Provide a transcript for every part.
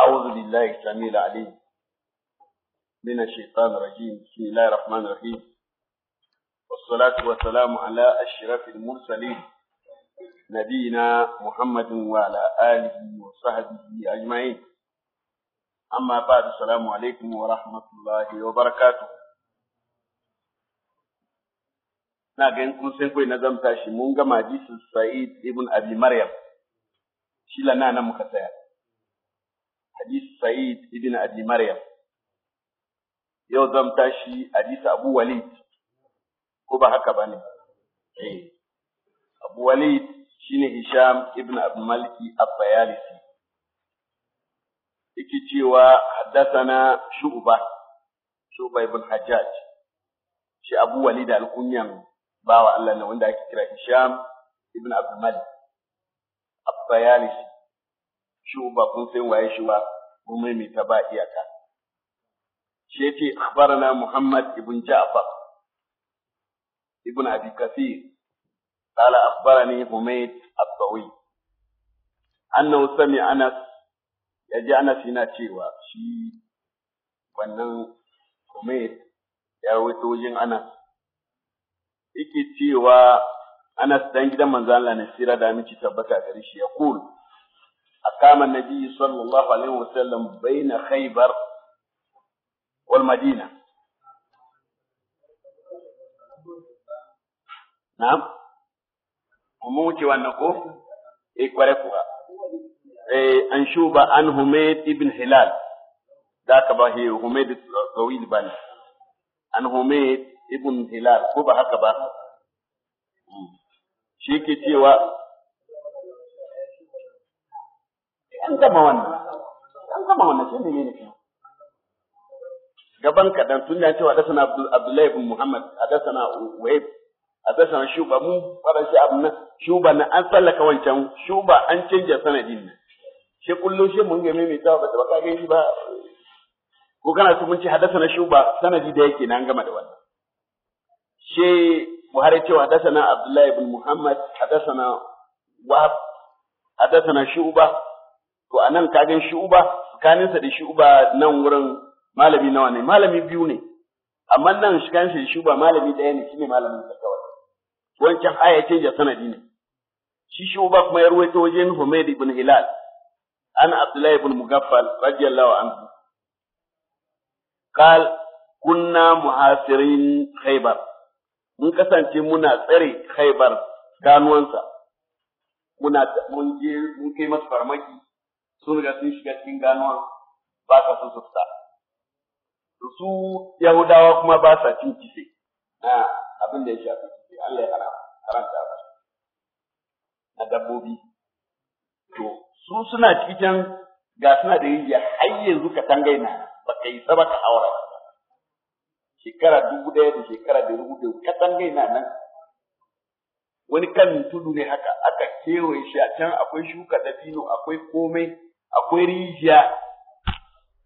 أعوذ بالله السميع العليم من الشيطان الرجيم بسم الله الرحمن الرحيم والصلاة والسلام على أشرف المرسلين نبينا محمد وعلى آله وصحبه أجمعين أما a السلام عليكم ورحمة الله وبركاته na ga kun san kai na zamta shi mun gama hadisin Sa'id ibn Abi Maryam shi lana nan muka tsaya Sa'id ibn Abi Maryam yau zamta shi hadisi Abu Walid ko ba haka bane eh Abu shine Hisham ibn Abu Malki al-Bayalisi yake cewa haddathana Shu'ba Shu'ba ibn Hajjaj shi Abu Walid al-Kunyan bawa Allah ne wanda ake kira Hisham ibn Abu Malik al-Bayalisi Shu'ba kun san waye shi ba mun maimaita ba iyaka shi yake akhbarana Muhammad ibn Ja'far ibn Abi Kathir قال أخبرني حميد الطويل أنه سمع أنس يجي أنس هنا cewa shi wannan Humaid ya rawaito wajen Anas yake cewa Anas dan gidan manzo Allah ne sira da miki tabbata gare shi ya kul أقام النبي صلى الله عليه وسلم بين خيبر والمدينة نعم mun wuce wannan ko e, kware kuwa e, an shuba an Humayd ibn Hilal da ka ba he Humayd tawil bani an Humayd ibn Hilal ko ba haka ba hmm. shi ke cewa an gama wannan gaban kadan tun da cewa da sana Abdullahi ibn Muhammad da sana Wahib a tsasan shuba mu fara shi abu nan shuba na an tsallaka wancan shuba an canja sanadin nan shi kullu shi mun ga mai tawa ba ta baka gani shi ba ko kana so mun ci hadasa na shuba sanadi da yake nan gama da wannan shi Buhari cewa hadasa na Abdullahi ibn Muhammad hadasa na Wahab hadasa na shuba to anan kagan shuba tsakaninsa da shuba nan wurin malami nawa ne malami biyu ne amma nan shi kanshi shuba malami ɗaya ne shine malamin sa wancan aya canja sanadi ne shi shi uba kuma ya ruwaito wajen Humayd ibn Hilal an Abdullah ibn Mugaffal radiyallahu anhu qal kunna muhasirin Khaybar mun kasance muna tsare Khaybar ganuwansa muna mun je mun kai masa farmaki sun ga sun shiga cikin ganuwan ba ka so fita su Yahudawa kuma ba sa cin kife abin da ya shafi sai Allah ya karanta ba na dabbobi to su suna cikin ga suna da rijiya har yanzu ka tangai ba ka yi saba ka aura shekara dubu ɗaya da shekara da rubu da ka tangai nan wani kan tudu ne haka aka kewaye shi a can akwai shuka da dabino akwai komai akwai rijiya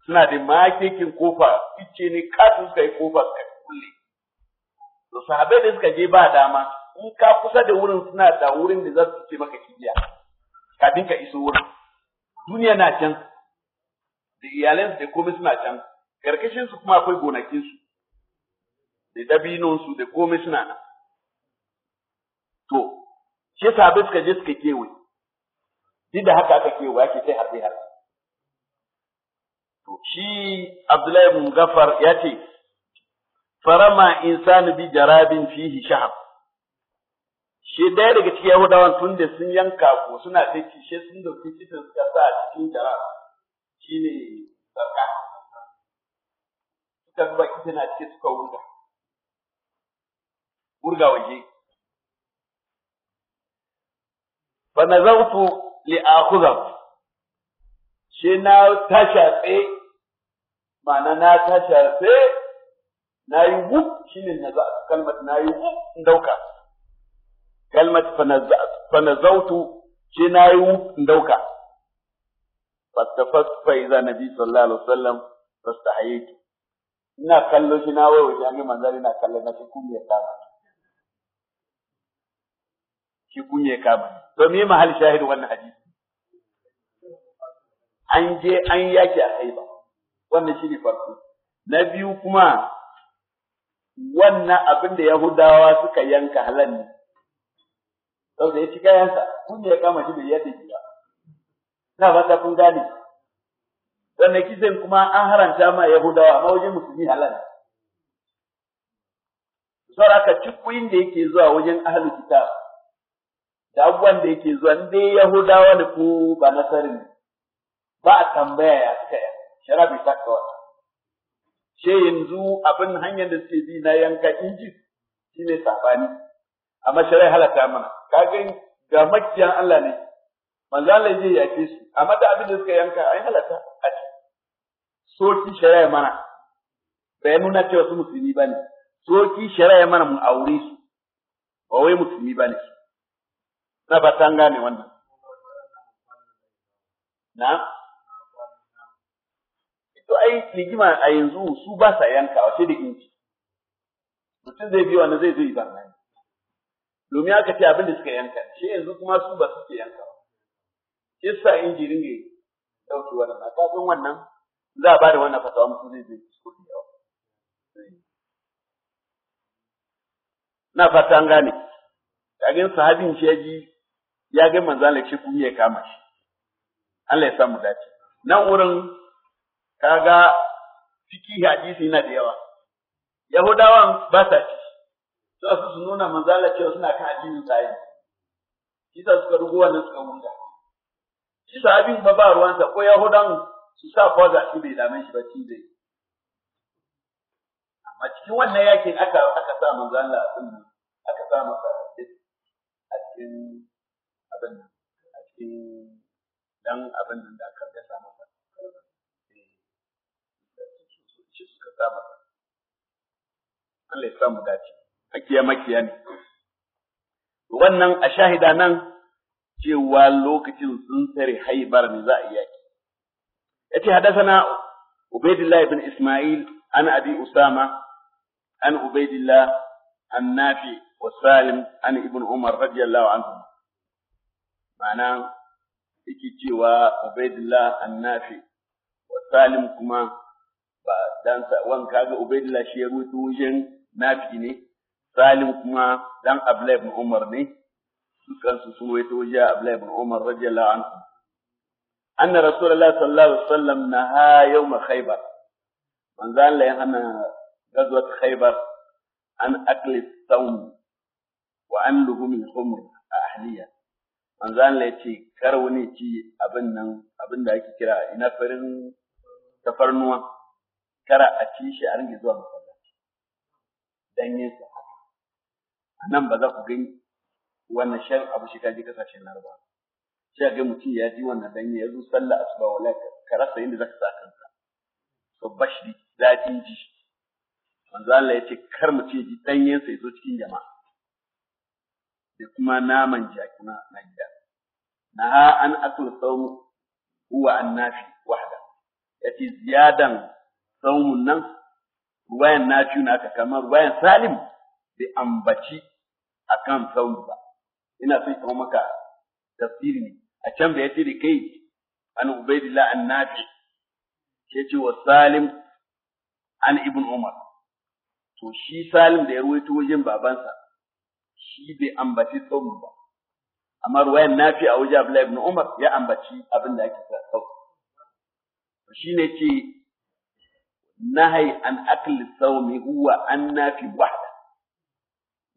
suna da makekin kofa ice ne kafin suka yi kofa ka kulle to sahabai da suka je ba dama in ka kusa da wurin suna da wurin da za su ce maka kibiya kafin ka iso wurin duniya na can da iyalansu da komai suna can karkashin su kuma akwai gonakin su da dabinon su da komai suna nan to shi sahabai suka je suka kewaye duk da haka aka kewaye ake sai harbe harbe to shi Abdullahi bin Gafar ya ce farama insani bi jarabin fihi shahab shi daya daga cikin yahudawan tun da sun yanka ko suna daki shi sun dauki kitin suka sa a cikin jarab ne sarka suka zuba kitin a cikin suka wurga wurga waje na zautu li akhudha shi na tasha tsaye ma'ana na tasha tsaye na yi wuf shi ne na za'a kalmat na yi wuf in dauka kalmat zautu shi na yi wuf in dauka fattafas fa'iza nabi sallallahu alaihi wasallam fastahayatu ina kallo shi na wayo shi an manzari na kallo na shi kunya kama shi kunye kama to me mahal shahidu wannan hadisi an je an yaki a haiba wannan shi ne farko na biyu kuma wannan abin da Yahudawa suka yanka halal ne. da ya ci kayansa, kun ya kama shi bai yadda ba. Na fata kun gane. Wanda kisan kuma an haranta ma Yahudawa, amma wajen musulmi halal. Saboda haka cikuyin da yake zuwa wajen ahalu kitab da abubuwan da yake zuwa dai Yahudawa da ku ba nasarin ba a tambaya ya suka yi, shara bai taka ce yanzu abin hanyar da suke bi na yanka inji shine sabani amma shari'a halata mana kaga ga makiyan Allah ne manzo Allah zai yake su amma da abin da suka yanka ai halata a ce. soki shari'a mana bai nuna cewa su musulmi bane soki shari'a mana mu aure su ba wai musulmi bane na ba gane wannan na to ai rigima a yanzu su ba sa a sai da inji mutum zai biyo wanda zai zai yi barna domin aka ce abin da suka yanka shi yanzu kuma su ba suke ba, shi sa inji ringe dauki wannan a kafin wannan za a ba da wannan fatawa mutum zai zai su da yawa na fata an gane kagin sahabin shi ya ji ya ga manzo Allah shi kuma ya kama shi Allah ya samu dace nan wurin kaga ciki hadisi yana da yawa yahudawan ba sa ci za su nuna manzala cewa suna kan addinin tsaye kisa suka rugo wannan suka munda kisa abin ba ba ruwansa ko yahudan su sa faza shi bai dame shi ba ci zai amma cikin wannan yakin aka aka sa manzala din aka sa masa a cikin abin a cikin dan abin da aka sa masa ta masa Allah ya samu dace hakiya makiya ne wannan a shahida nan cewa lokacin sun tsare haibar ne za a yi yaki yace hadathana ubaidillah ibn isma'il an abi usama an ubaidillah an nafi wa salim an ibn umar radiyallahu anhu ma'ana yake cewa ubaidillah an nafi wa salim kuma ba dan wanka ga Ubaidillah shi ya rutu wajen nafi ne Salim kuma dan Abdullah ibn Umar ne kansu sun waito wajen Abdullah ibn Umar radiyallahu anhu anna Rasulullah sallallahu alaihi wasallam naha yawm Khaybar manzo Allah ya hana gazwat Khaybar an akli sawm wa an luhum al-khumr ahliya manzo Allah ya ce kar wani ci abin nan abin da ake kira ina farin tafarnuwa shekara a ci shi a ringa zuwa masallaci dan yin sa haka a nan ba za ku gani wannan shan abu shi kaji kasashen ruba? sai ga mutum ya ji wannan dan ya zo sallah asuba wala ka rasa yadda zaka sa kanka to bashri din ji manzo Allah ya ce kar mutum ya ji danyen sa ya zo cikin jama'a da kuma naman jaki na gida na an akul sawm huwa annafi wahda yace ziyadan saumun nan ruwayan nafiyu na aka kamar ruwayan salim bai ambaci akan saumi ba ina son kawo maka tafsiri ne a can bai yace da kai an ubaidillah an nafi sai ce wa salim an ibn umar to shi salim da ya ruwaito wajen babansa shi bai ambaci saumi ba amma ruwayan nafi a wajen abdullahi ibn umar ya ambaci abin da ake sa saumi shi ne ce nahai an akli saumi huwa an nafi wahda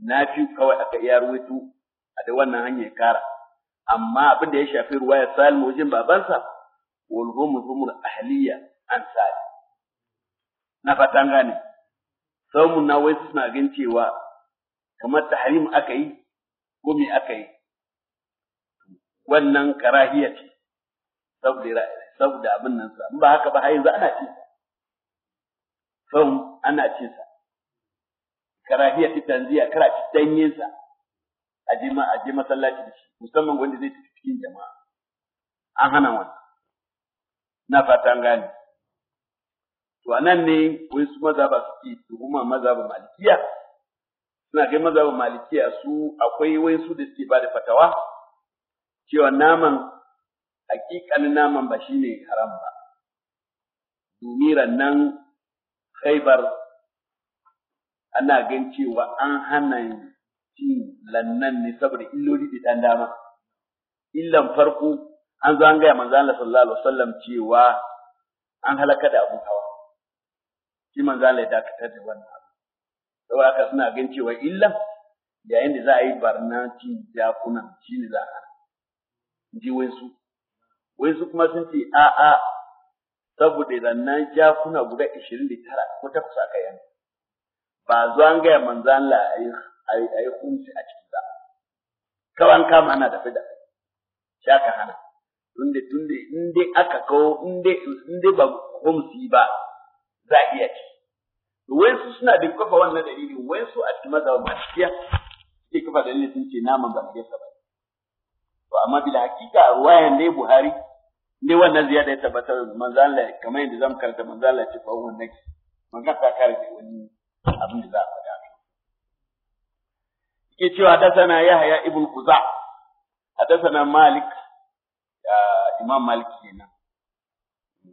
nafi kawai aka iya ruwaito a da wannan hanyar kara amma abin da ya shafi ruwaya salim wajen babansa wal humur ahliya an salim na fatan gane saumun na wai suna gan cewa kamar tahrim aka yi ko me aka yi wannan karahiya ce saboda abin nan sa in ba haka ba yanzu ana ci son ana cin sa ta tanziya kara ci danyen sa a je ma a je masallaci da shi musamman wanda zai tafi cikin jama'a an hana wannan na fata an gane to anan ne wai su mazaba suke tuhuma ba malikiya suna kai ba malikiya su akwai wai su da suke bada fatawa cewa naman hakikanin naman ba shine haram ba dumiran nan Khaibar ana gan cewa an hana cin lannan ne saboda illoli da ɗan dama. Illan farko an zo an gaya manzo Allah sallallahu alaihi wasallam cewa an halaka da abun hawa. Shi manzo Allah ya dakatar da wannan abu. Saboda haka suna gan cewa illan yayin da za a yi barna da jakuna shi ne za a ji Wai su kuma sun ce a'a saboda ja kuna guda 29 ko ta kusa aka yana ba zuwa an gaya manzo Allah ayi ayi a cikin ba kawan kama ana da fida shaka hana Tunde-tunde inde aka kawo inde inde ba kunci ba za a iya ci wayansu suna da kafa wannan dalili wayansu a cikin mazaba ba cikiya suke kafa dalilin sun ce naman ba mai ba to amma bila hakika ruwayan ne Buhari ne wannan ziyada ya tabbatar da manzo Allah kamar yadda zamu karanta manzo Allah ce fa wannan ki magana ta kare wani abin da za a faɗa ke cewa hadathana Yahya ibn Quza hadathana Malik Imam Malik kenan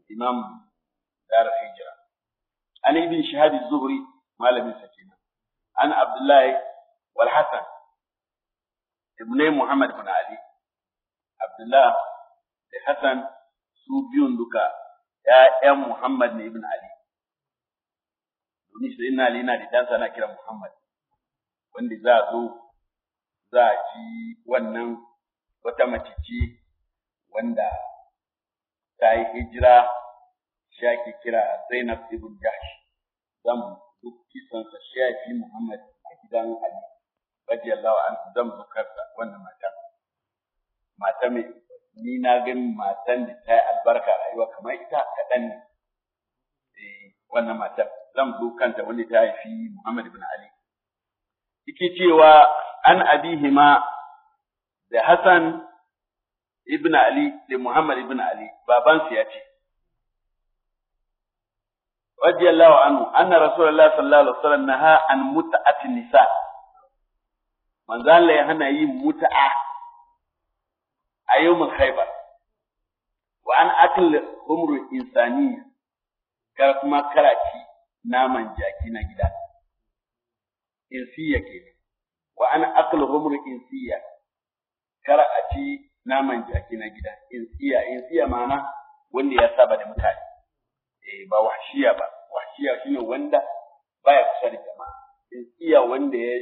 Imam Dar Hijra an ibn Shihab az-Zuhri malamin sa kenan an Abdullah wal Hasan ibn Muhammad ibn Ali Abdullah da Hasan su biyun duka ‘ya'yan Muhammad ne ibn Ali. Domin shi ina Ali yana da dansa na kira Muhammad, wanda za a zo za a ci wannan wata macici wanda ta yi hijira shi ake kira Zainab ibn Jahsh. Zan duk kisansa shi ya fi Muhammad a gidan Ali. Radiyallahu an zan bukarsa wannan mata. Mata mai ni na gani matan da ta yi albarka rayuwa kamar ita kaɗan ne eh, wannan matan. zan zo kanta wanda ta haifi Muhammad ibn Ali yake cewa an abihima da Hassan ibn Ali da Muhammad ibn Ali babansu ya ce radiyallahu anhu anna rasulullah sallallahu alaihi wasallam naha an muta'at nisa manzo ya hana yin muta'a a yawmin haibar wa an akil umru insaniya kar kuma karaci naman jaki na gida insiya ke wa an akil umru insiya kar a ci naman jaki na gida insiya insiya ma'ana wanda ya saba da mutane eh ba wahshiya ba wahshiya shine wanda baya kusa da jama'a insiya wanda ya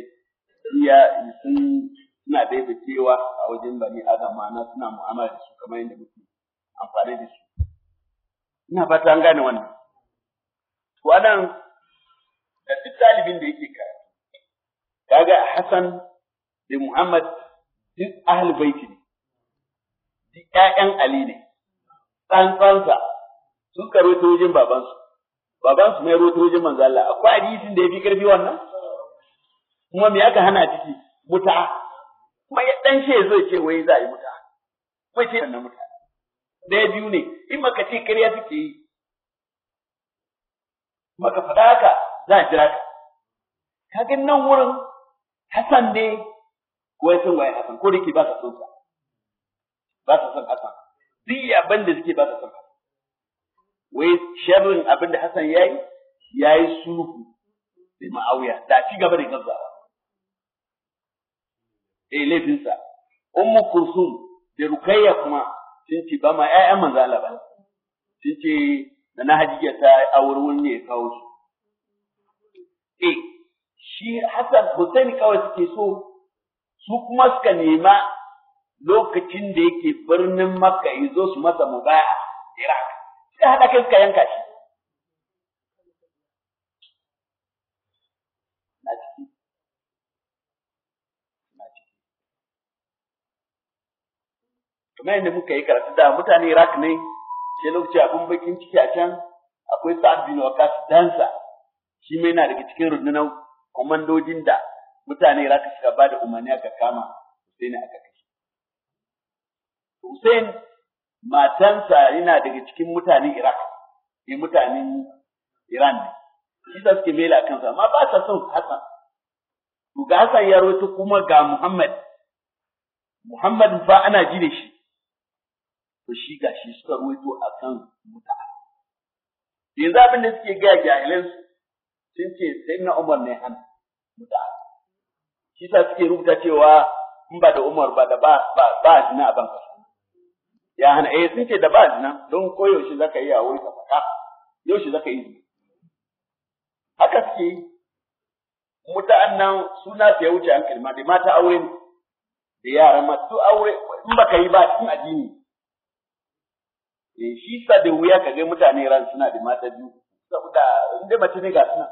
iya sun suna daidaitewa a wajen bani adam ma'ana suna mu'amala da su kamar yadda muke amfani da su ina fata an gane wannan to anan da duk talibin da yake karatu kaga Hassan da Muhammad duk ahal baiti ne duk ƴaƴan Ali ne tsantsansa sun karo ta wajen babansu babansu mai roto wajen manzo Allah akwai hadisin da fi karfi wannan kuma me aka hana ciki muta'a Kuma ya dan ce zai ce wai za a yi muta. Wai ce na muta. Daya biyu ne, in maka ce karya suke yi. Maka faɗa haka za a jira ka. Ka nan wurin Hassan ne wai sun waye Hassan ko da ke ba ka son sa. Ba ka son Hassan. Duk abin da suke ba ka son Hassan. Wai sharrin abin da Hassan ya yi, ya yi sulhu da ma'auya, da ci gaba da gazawa. eh laifinsa ummu Kursun da rukayya kuma sun ce ba ma ƴaƴan manzo Allah ba sun ce da na hajiya ta aurewun ne ya kawo su eh shi Hassan Hussein kawai suke so su kuma suka nema lokacin da yake birnin Makka ya zo su masa mubaya Iraq sai haɗa kai suka yanka shi kamar yadda muka yi karatu da mutane Iraq ne sai lokaci abin bakin ciki a can akwai Sa'ad bin Waqas dansa shi mai na daga cikin rundunar komandojin da mutane Iraq suka ba da umarni aka kama Hussein aka kashe Hussein matansa yana daga cikin mutanen Iraq ne eh, mutanen Iran ne shi da suke mela kansa amma ba sa son Hassan to ga Hassan ya rawaito kuma ga Muhammad Muhammad fa ana ji da shi to shi shi suka ruwaito kan mut'a yanzu abin da suke ga jahilan sun ce sai na Umar ne hannu. mut'a shi sa suke rubuta cewa in ba da Umar ba da ba ba ba zina ban ya hana eh sun ce da ba jina don koyaushe za ka yi a wuri ka faka yaushe ka yi haka suke mutan nan suna su ya wuce an kalma da mata aure ne, da yara ma su aure in baka yi ba cikin addini Eh, shi sa da wuya ka ga mutane ran suna da mata biyu saboda inda mace ne ga suna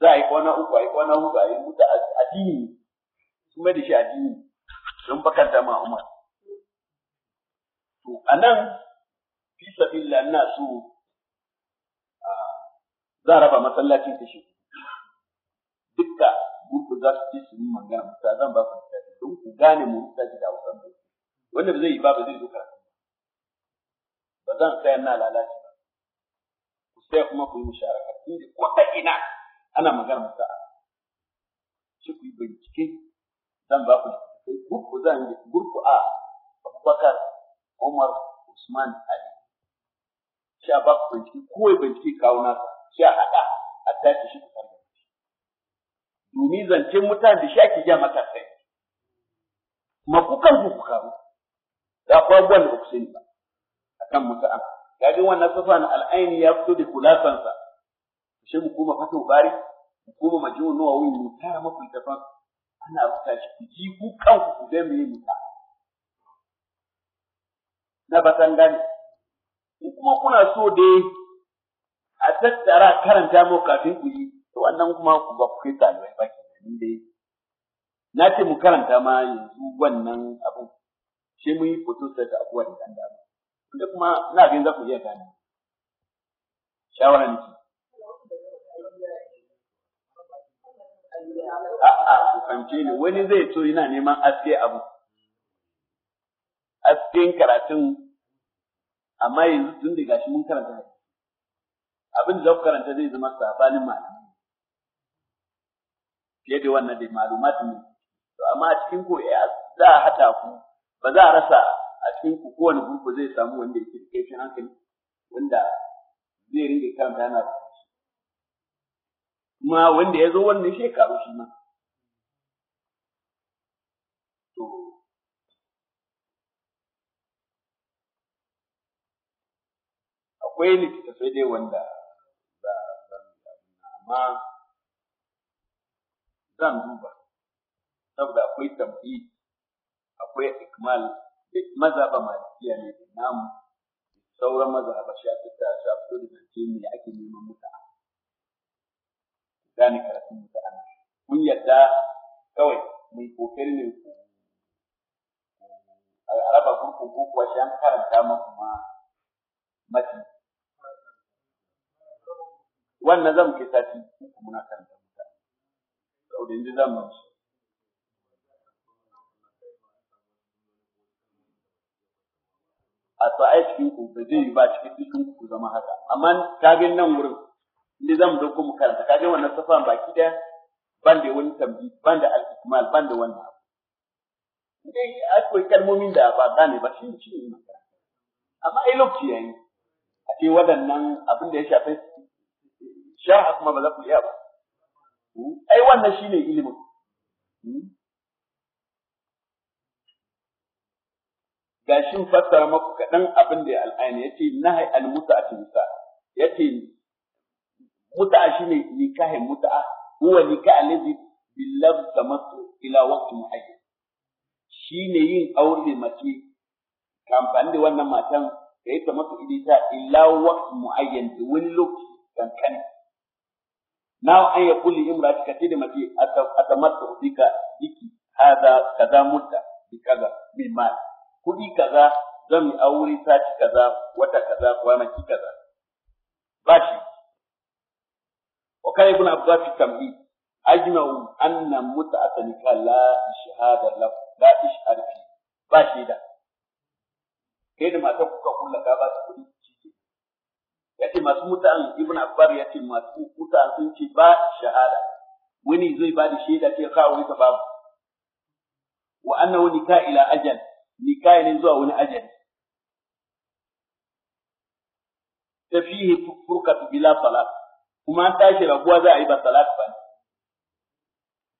za a yi kwana uku a yi kwana huɗu a yi mutu addini kuma da shi addini don bakanta ma Umar. To nan fi sabilillah ina so za a raba masallacin kashi dukka gudu za su ce su yi magana ta zan ba ku littafi don ku gane mu shi da wasan wanda ba zai yi ba ba zai zo karatu ba zan tsaya na lalace ba ku sai kuma ku yi musharaka inda ko ta ina ana magana a shi ku yi bincike zan ba ku sai gurku zan yi gurku a Abubakar Umar Usman Ali shi a ba ku bincike kowai bincike kawo nasa shi a haɗa a tashi shi ku karɓa domin zancen mutane da shi ake ja mata sai. ma kukan ku ku kawo da abubuwan da ba ku sani ba akan mutu'a kaga wannan safan al'aini ya fito da kulafansa shi hukuma fatu bari hukuma majmu nawawi mu tara maku tafan ana rubuta shi ji ku kan ku da me musa na batan gani kuma kuna so dai a tattara karanta mu kafin ku yi to wannan kuma ku ba ku kai ne ba ke dai na ce mu karanta ma yanzu wannan abu shi mu yi foto da abuwa da dama da kuma na ganin za ku iya gane shawara ki. a'a ku fahimce ni wani zai so yana neman aske abu asken karatun amma yanzu tun da gashi mun karanta abin da za ku karanta zai zama sabanin malamai fiye da wannan da malumat ne to amma a cikin ko ya eh, za a hata ku ba za a rasa cikin ku kowane gungu zai samu wanda yake da kaifin hankali wanda zai rinka kanta yana Kuma wanda ya zo wannan shekaru shi ma akwai littattafai dai wanda za a amma zan duba saboda akwai tambayi, akwai ikmal duk mazaba malikiya ne namu sauran mazaba sha fita sha fito da zance ne ake neman muta gane karatun muta ana mun yadda kawai mai ne a araba gurkun kuwa shi an karanta maku ma mati wannan zan kai sati uku muna karanta muta saboda yanzu zan mu a to ai cikin ku ba zai yi ba cikin cikin ku zama haka amma kagin nan wurin inda zan mu dauko mu karanta kagin wannan safan baki daya ban da wani tambi ban da al-ikmal ban da wannan abu dai akwai kalmomin da ba gane ba shi shi ne amma ai lokaci yayi a ce waɗannan abin da ya shafe sharha kuma ba za ku iya ba ai wannan shine ilimin hmm? Gashin fassara maku kaɗan abin da ya al'ayin ya ce nahai al-muta a tilisa ya ce muta'a shi ne nikahin muta'a huwa nikah alladhi bil lafz tamattu ila waqti muayyan shi ne yin aure mace kamfani da wannan matan da ya tamattu ta ila waqti muayyan da wani lokaci kankani na an ya kulli imrat ka ce da mace atamattu bika biki hada kaza muta bi kaza bi mal kuɗi kaza zan yi aure sati kaza wata kaza kwanaki kaza ba shi wa kai ibn abbas fi tambi ajma'u anna mut'ata nikah la shahada la la ishhad fi ba shi da kai da mata kuka kulla ka ba ta kuɗi cike yace masu mutan ibn abbas yace masu mutan sun ce ba shahada wani zai ba da shaida ce ka aure ta babu wa annahu nikah ila ajal likai ne zuwa wani ajali ta fihi furqatu bila salat kuma an tashi rabuwa za a yi ba salat ba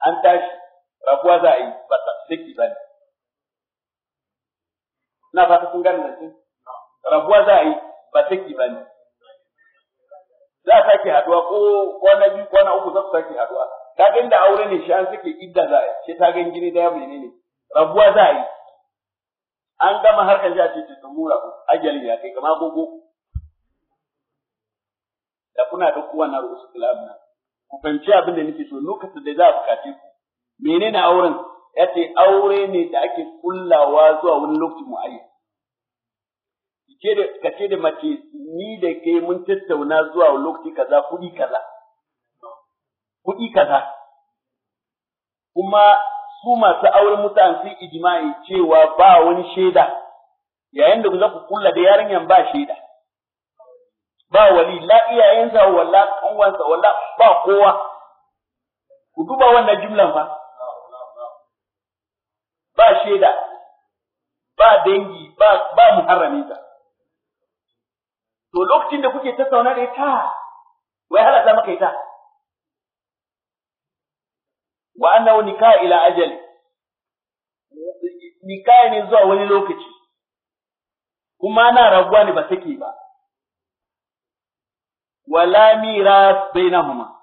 an tashi rabuwa za a yi ba saki ba ne na fata kun gane nan rabuwa za a yi ba saki ba ne za a sake haduwa ko kwana biyu kwana uku za su sake haduwa kaga inda aure ne shi an suke idda za a yi shi ta gan gini daya menene rabuwa za a yi an gama harkar ji a ce ta mura ajalin ya kai kama gogo da kuna da kowa na rubutu kilabu na ku fahimci abin da nake so lokacin da za a bukace ku menene auren ya ce aure ne da ake kullawa zuwa wani lokaci mu'ayyan ka ce da mace ni da ke mun tattauna zuwa lokaci kaza kuɗi kaza kuɗi kaza kuma ku masu auren mutane sun ijma'i cewa ba wani shaida yayin da za ku kulla da yarinyan ba shaida ba wali la iyayensa wala kanwansa wala ba kowa ku duba wannan jumlan fa ba shaida ba dangi ba ba muharraminsa to lokacin da kuke tattauna da ita wai halata maka ita wa annahu nikah ila ajal nikah ne zuwa wani lokaci kuma na rabuwa ne ba take ba wala mirath bainahuma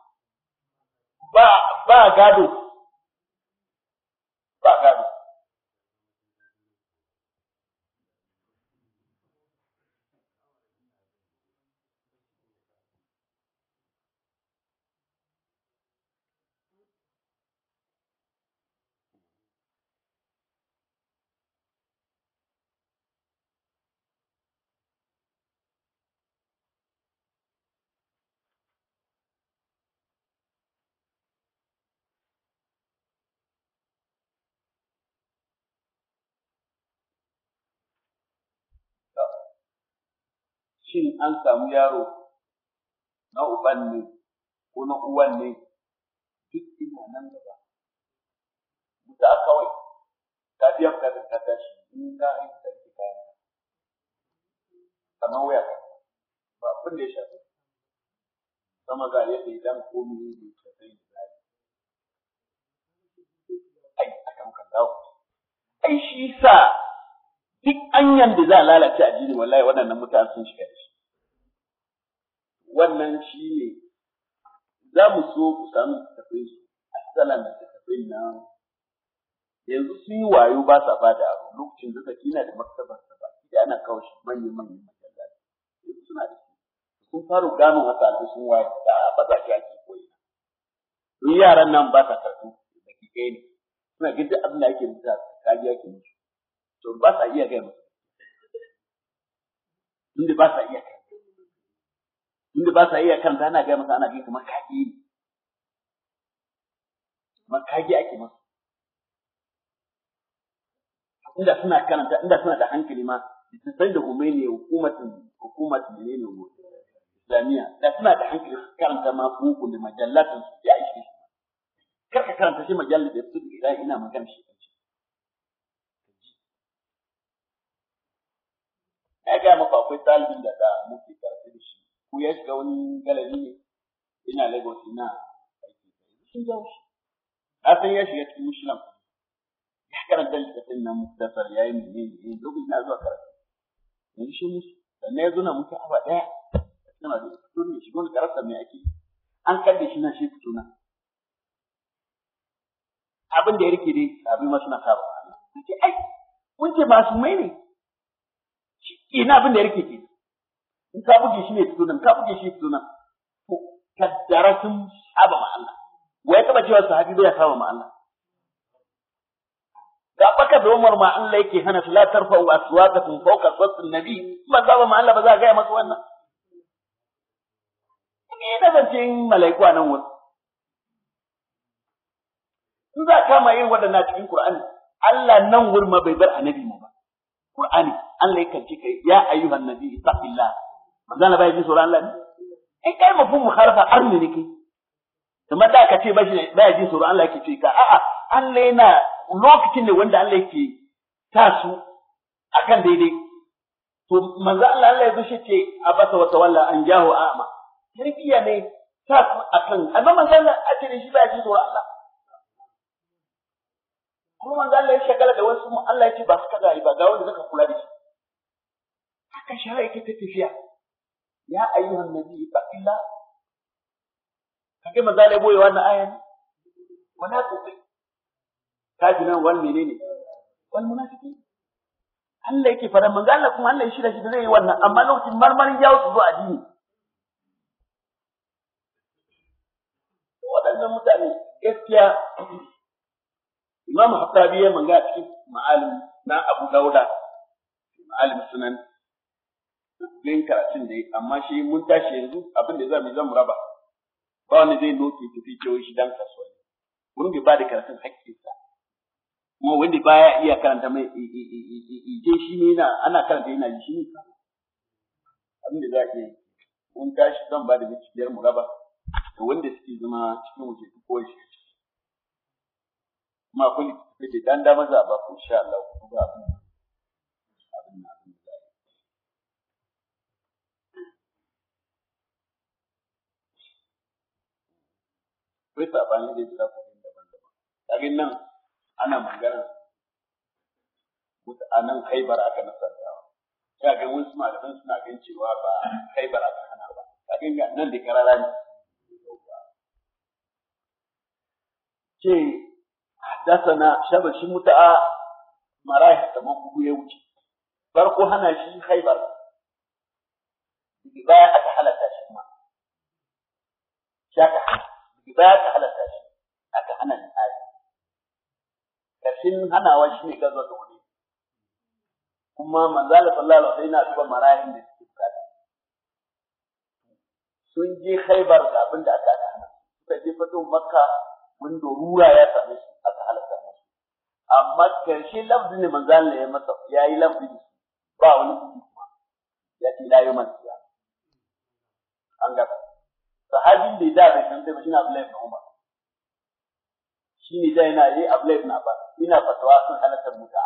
ba ba gado shin an samu yaro na uban ne ko na uwan ne duk ina nan gaba a kawai ka biya ka ka tashi in ka yi ka ki kayan kamar waya ba abin da ya shafi sama ga yadda idan komai ne ke sai da ai akan kan dawo ai shi sa duk anyan da za a lalace addini wallahi waɗannan mutane sun shiga shi wannan shi ne za mu so ku samu tafiyar su asalan da tafiyar nan yanzu sun yi wayo ba sa ba da abu lokacin da zaki na da maktabar sa ba da ana kawo shi manyan manyan masallaci suna da sun faru gano haka da sun waye da ba za a ake koyi don yaran nan ba sa karatu da kike ne suna gidda abin da ake rubuta kaji ake musu to ba sa iya gaya inda ba sa iya kai inda ba sa iya kanta ana gaya masa ana gaya kamar kage kamar kage ake masa inda suna karanta inda suna da hankali ma sai da ne hukumatin hukumatin ne ne islamiyya da suna da hankali karanta ma buku da majallatin ya ishe kar ka karanta shi majallar da su ina magana shi gaya maku akwai talibin da da muke karatu da shi ku ya shiga wani galabi ne ina Lagos ina aiki sun jawo shi a san ya shiga cikin mushlan ya karanta littafin nan muktasar ya yi mene ne lokacin na zuwa karatu yanzu shi musu sannan ya zo na muke awa ɗaya suna da fito ne shigo da karasa mai ake an kalle shi na shi fito nan abin da ya rike dai abin ma suna saba ce ai mun ce masu mai ne ina abin da ya rike ke in ka buge shi ne fito nan ka buge shi fito nan to kaddara sun ma Allah wai taba cewa sahabi bai saba ma Allah ga baka da Umar ma Allah yake hana su la tarfa'u aswaqakum fawqa sawtin nabi ma saba ma Allah ba za ka ga maka wannan me da zancin malaiku nan wani in za kama yin waɗannan cikin Qur'ani Allah nan wurin bai bar annabi mu ba Qur'ani Allah ya kanci kai ya ayyuhan nabi taqillah manzo bai ji tsoron Allah ne in eh, kai mafi mukharafa arni ne kai kamar da ka ce ba bai ji tsoron Allah yake ce ka a'a Allah yana lokacin da wanda Allah yake ta su akan daidai to manzo Allah Allah ya zo ce abasa wa tawalla an jahu a'ma tarbiya ne ta su akan amma manzo Allah a ce shi bai ji tsoron Allah kuma manzo Allah ya shagala da wasu Allah ya ce ba su kaza ba ga wanda zaka kula da shi haka ita ta tafiya ya ayyuhan nabi fa'illa kage maza ne boye wannan ayan wala tuti nan wal menene wal munafiqin Allah yake fara manzo Allah kuma Allah ya shirya shi da zai yi wannan amma lokacin marmarin jawo su zo addini waɗannan mutane gaskiya Imam Hattabi ya manga cikin ma'alim na Abu Dauda ma'alim sunan ɗin karatun da amma shi mun tashi yanzu abin da zamu zan raba ba wani zai noke tafi cewa shi dan kasuwa mun bi ba da karatun hakkinsa kuma wanda baya iya karanta mai ije shi ne na ana karanta yana ji shi ne abin da za a iya mun tashi zan ba da gaskiyar mu raba da wanda suke zama cikin wuce ko shi kuma akwai da dan dama za a ba ku insha Allah ku ba abin akwai sabani da yadda ku fahimta daban-daban nan ana magana mutu anan kaibar aka nasartawa ya ga wasu malaman suna gan cewa ba kaibar aka hana ba kagin ga nan da karara ne ce haddasana shabashin muta'a maraya kamar kuku ya wuce farko hana shi daga baya aka halaka shi ma shi aka ba ta halatta shi aka hana ni ayi kashin hanawa shi ne gazo da wani kuma manzala sallallahu alaihi wasallam yana duba marayin da suke bukata sun je khaibar da abin da aka hana suka je fito makka wanda rura ya same su aka halatta musu amma karshe lafzin ne manzala ya masa yi lafzin ba wani kuma ya ce la yuman an gaba sahabin da da bai san sai ba shine Abdullahi ibn Umar shine da yana yi eh, Abdullahi ibn Abbas ina fatawa sun halatta muta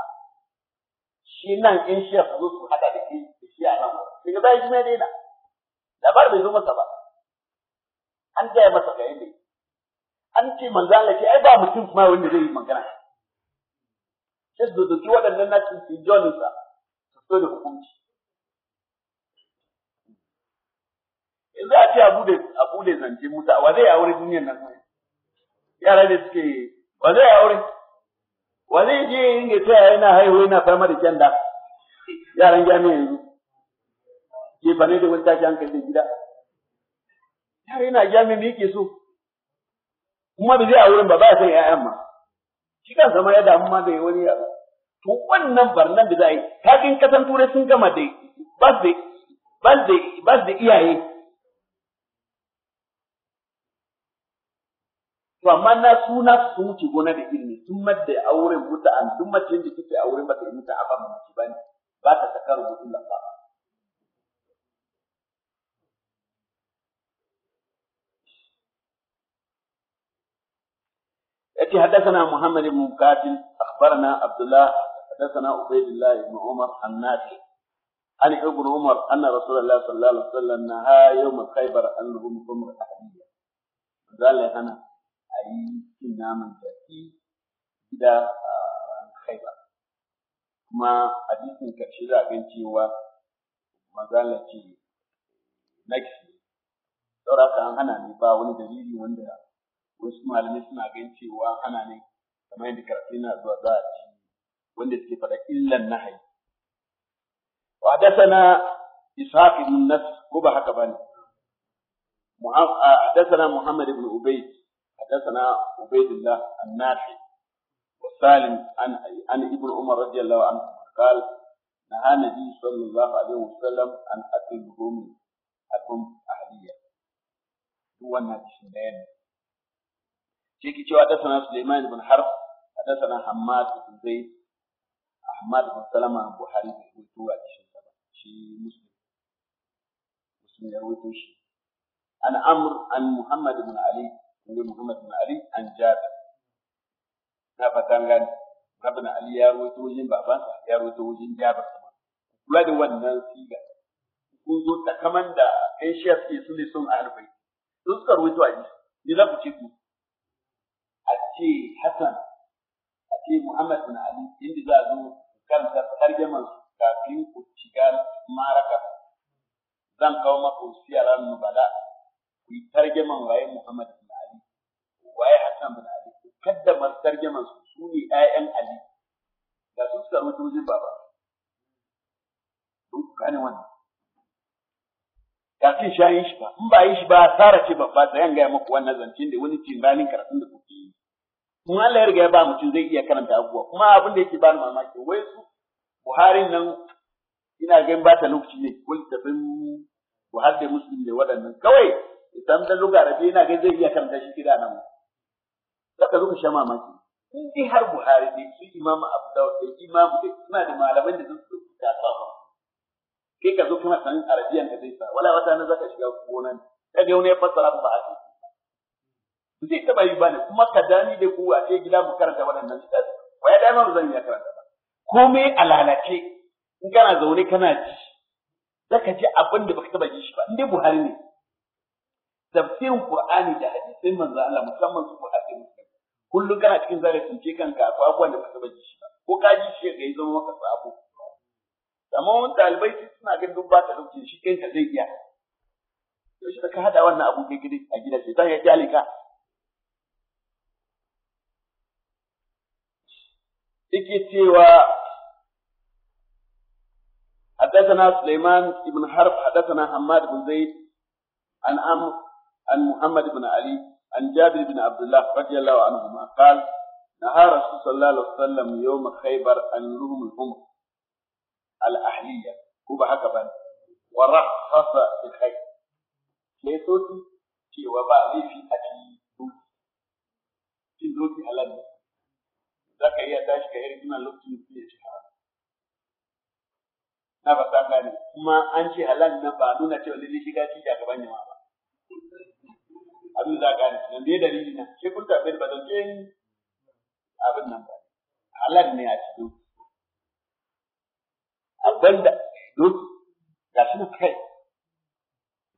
shi nan in shi ya zo su hada da shi da shi a nan sai ga bai jima daina labar bai zo masa ba an gaya masa ga yadda an ce manzo Allah ce ai ba mutum kuma wanda zai yi magana sai su doki waɗannan nasu su jonin sa su so da hukunci yanzu a ce abu da abu da zance Musa, wa zai aure duniyar nan yara da suke wa zai aure wa zai je inga ta na haihuwa yana fama da kyanda yaran jami'a yanzu ke ba ne da wani tashi hankali da gida yara yana jami'a mai ke so kuma da zai aure ba ba san ƴaƴan ma shi kan zama ya damu ma da wani yaro to wannan barnan da za a yi kakin kasan turai sun gama da ba su da iyaye to amma na suna su wuce gona da ilimi sun madda auren wuta an sun mace da kike auren ba ta yi ta aban mace ba ne ba ta saka rubutun lamba يأتي حدثنا محمد بن مقاتل أخبرنا عبد الله حدثنا عبيد الله بن عمر النافع عن ابن عمر أن رسول الله صلى الله عليه وسلم نهى يوم خيبر أن لهم خمر احديه قال لي أنا a yi cin naman jaki gida a haiba. Kuma a cikin ƙarshe za a gan cewa mazala ce naki. ka an hana ne ba wani dalili wanda wasu malamai suna gan cewa hana ne kamar yadda karatu na zuwa za a ci wanda suke faɗa illan na nahayi. Wa dasana Ishaq ibn Nasr ko ba haka bane. حدثنا muhammad بن أبيد حدثنا عبيد الله النافع وسالم عن عن ابن عمر رضي الله عنه قال نهى النبي صلى الله عليه وسلم عن اكل لحوم الام اهليه هو النبي بيان شيكي شو حدثنا سليمان بن حرب حدثنا حماد بن زيد حماد بن سلمة ابو حارث هو شي مسلم مسلم يروي شي عن عمرو عن محمد بن علي inda Muhammad bin Ali an Jabir na fatan gani na Ali ya rawaito wajen babansa ya rawaito wajen Jabir kula da wannan siga kun zo ta kaman da kai shef ke su ne sun arbai sun suka rawaito a jiki ni za ku ce ku a ce Hassan a ce Muhammad bin Ali inda za a zo karanta tarjaman kafin ku shiga maraka zan kawo maka wasu siyaran nubala ku yi tarjaman waye Muhammad waye Hassan bin Ali kadda mastarjaman su su ne ƴaƴan Ali da su suka rubuta wajen baba duk kane wannan kafin sha yin shi ba in ba yi shi ba tsara ce babba da yan gaya muku wannan zancen da wani timbalin karatun da kuke yi kuma Allah ya riga ya ba mutum zai iya karanta abubuwa kuma abin da yake ba ni mamaki wai su Buhari nan ina ganin ba ta lokaci ne ko littafin Buhari da Muslim ne waɗannan kawai idan da lugar rabi ina ganin zai iya karanta shi kida nan zaka zo ka sha mamaki in dai har Buhari ne su Imam Abu Dawud da Imam da suna da malaman da sun rubuta sa ba kai ka zo kana sanin arabiyan da zai sa wala wata nan zaka shiga gonan kaje wani ya fassara ba a zai taba yi bane kuma ka dani da ku a kai gida mu karanta waɗannan littafi wa ya dama zan ya karanta ba komai a lalace in kana zaune kana ji zaka ji abin da baka taba ji shi ba in dai Buhari ne tafsirin Qur'ani da hadisin manzo Allah musamman su kullum kana cikin zarafin ce kanka akwai abubuwan da baka baji shi ba ko ka ji shi ga yi zama maka sabo amma wani dalibai sai suna ganin duk ba ta dauke shi kanka zai iya to shi ka hada wannan abu kai gidi a gida shi ta ya jale ka yake cewa حدثنا سليمان بن حرب حدثنا حماد بن زيد عن عمرو عن محمد بن علي عن جابر بن عبد الله رضي الله عنهما قال نهى رسول صلى الله عليه وسلم يوم خيبر أن لهم الحمر الأحلية كوبا هكذا ورخص في الخير كيسوتي في وبالي في أجل دوتي في دوتي على ذاك هي داش كهير كما لوتي في شهر na ba ta gane kuma an ce halal na ba nuna cewa lalle shiga abin za ka gane nan dai dalili nan shi kun tafi ba da ke abin nan ba halal ne a cikin abin da duk ga shi na kai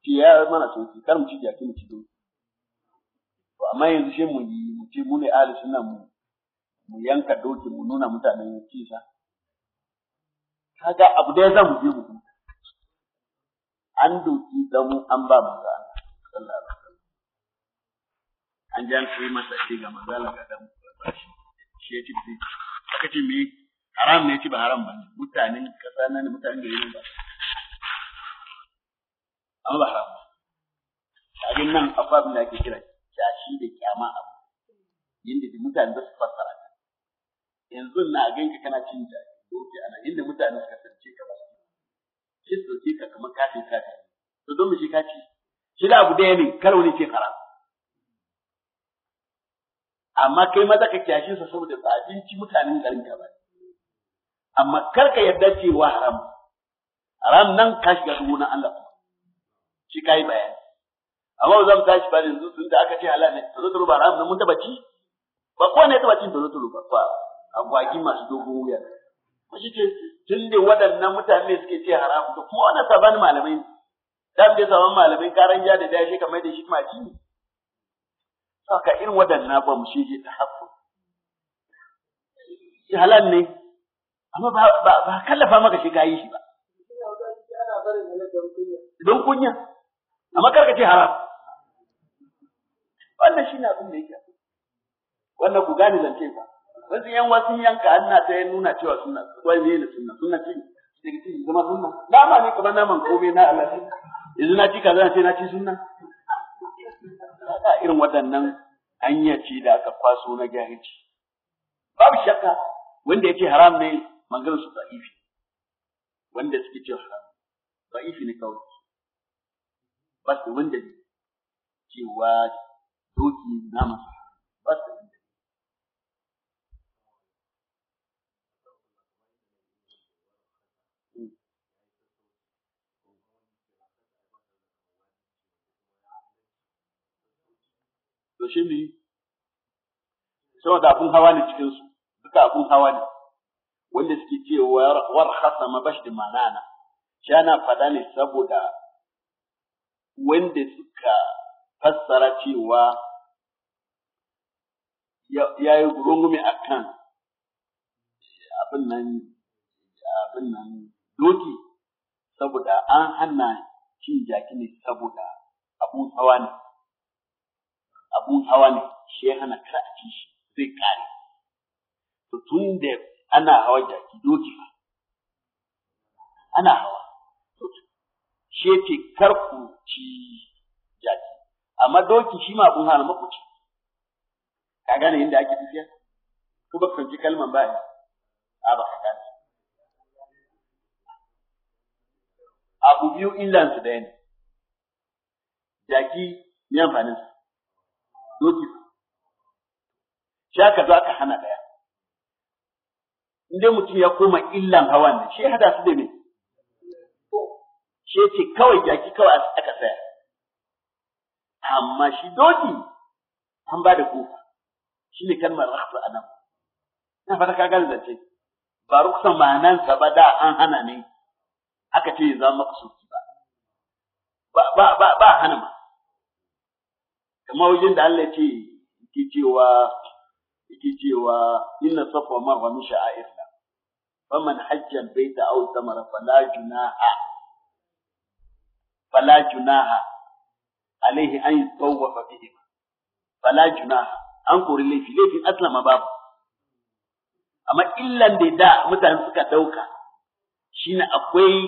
ce ya mana sauki kar mu ci jaki mu ci duk to amma yanzu shi mu yi mu ce mu ne ahli sunna mu mu yanka doki mu nuna mutane kisa kaga abu da ya zamu je mu an doki dan an ba mu sallallahu an ji an koyi masa ce ga mazala ga dan bashi shi ya ci bi aka ce me haram ne ci ba haram ba mutanen kasa nan mutanen da ne ba amma ba haram ba abin nan akwai da ake kira shi da kyama abu yadda da mutane za su fassara ka yanzu na ganka kana cin jaki doke ana inda mutane suka sarce ka ba shi su ka kamar kafin kafin to don mu shi kaci shi da abu daya ne kar wani ce haram amma kai maza ka kyashe sa saboda ba abinci mutanen garin ka ba amma kar ka yarda cewa haram haram nan ka shiga dubu na Allah shi kai bayani amma za mu tashi bari yanzu tunda aka ce Allah ne tsoro tsoro ba haram nan mun taba ci ba ko ne taba cin tsoro tsoro ba ba agwagi masu dogon wuya shi ce tun da waɗannan mutane suke ce haram to kuma wannan saban malamai dan da bai saban malamai karan ja da dashi kamar da shi ma ci haka irin waɗannan ba mu shi ji ta haƙo. Shi halal ne, amma ba kallafa maka shi ka yi shi ba. Don kunya, amma karka ce haram. Wannan shi na abin da yake. Wannan ku gane zance ba. Wasu yan wasu yanka hannu ta yi nuna cewa suna, wani ne suna, suna ce, daga cikin zama suna. Nama ne kuma naman kome na Allah. Yanzu na ci kaza na ce na ci suna. kaga irin waɗannan anyaci da aka kwaso na jahilci babu shakka wanda ya ce haram ne maganar su ifi, wanda suke ce haram da'ifi ne kawai ba su wanda cewa doki na masu to shi me saboda abun hawa ne cikin su duka abun hawa ne wanda suke cewa war khasama bash da manana shi ana faɗa ne saboda wanda suka fassara cewa ya yi rungumi a kan abin nan abin nan doki saboda an hana cin jaki ne saboda abun hawa ne abun hawa ne shi ya hana kar a ci shi zai kare to tun da ana hawa jaki doki fa ana hawa shi yake kar ku ci jaki amma doki shi ma abun hana maku ci ka gane inda ake tafiya ko ba ka ji kalman ba a ba ka gane abu biyu illansu da yanzu jaki ne amfaninsa doki shi aka zo aka hana daya inda mutum ya koma illan hawan nan shi hada su da me shi ce kawai jaki kawai aka tsaya amma shi doki an ba da kofa shi ne kalmar rahsa a nan na fata ka gane zance ba ruksa ma'anansa ba da an hana ne aka ce ya zama makasuki ba ba ba ba hana ma kamar wajen da Allah ce yake cewa yake cewa inna safa marwa min sha'airna faman hajja baita aw tamara fala junaha fala junaha alaihi an yatawafa bihi fala junaha an kori laifi laifin aslama babu amma illan da da mutane suka dauka shine akwai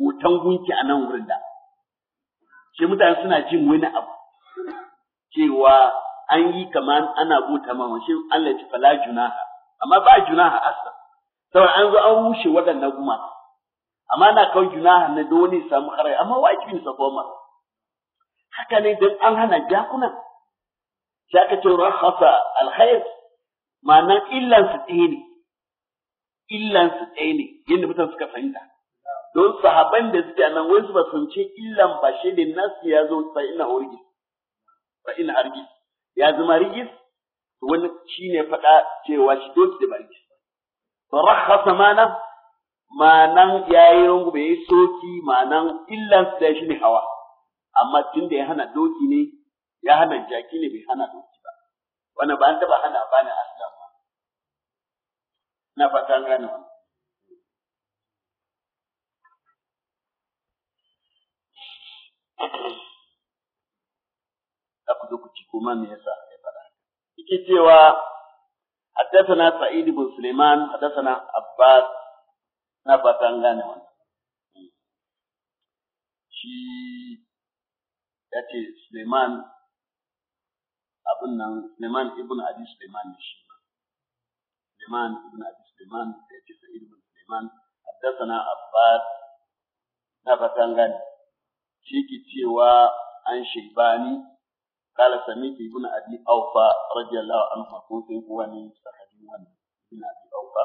hoton gunki a nan wurin da shi mutane suna jin wani abu cewa an yi kaman ana buta ma wani Allah ya fala junaha amma ba junaha aslan saboda an zo an rushe waɗannan guma, amma na kawo junaha na dole samu harai amma wajibin sa koma haka ne dan an hana jakuna sai aka ce rakhasa alkhair ma'anan illan su ɗaya ne illan su ɗaya ne yadda mutane suka fahimta don sahaban da suke nan wai su ba sun ce illan ba shi ne nasu ya zo sai ina wurgi fa in harbi ya zama rigis wani shine faɗa cewa shi doki da ba fa rakhasa mana manan yayi rungu bai soki manan illan da shi ne hawa amma tunda ya hana doki ne ya hana jaki ne bai hana doki ba wannan ba an taba hana ba na na fatan gane wannan kuma me yasa ya faɗa cewa حدثنا سعيد بن سليمان حدثنا عباس na غاني wannan shi yace Suleiman abin nan Suleiman ibn Abi Suleiman ne shi Suleiman ibn Abi Suleiman yace Sa'id ibn حدثنا عباس na غاني shi ke cewa an shaibani قال سميت ابن ابي اوفى رضي الله عنه مقول هو من صحابي ابن ابي اوفى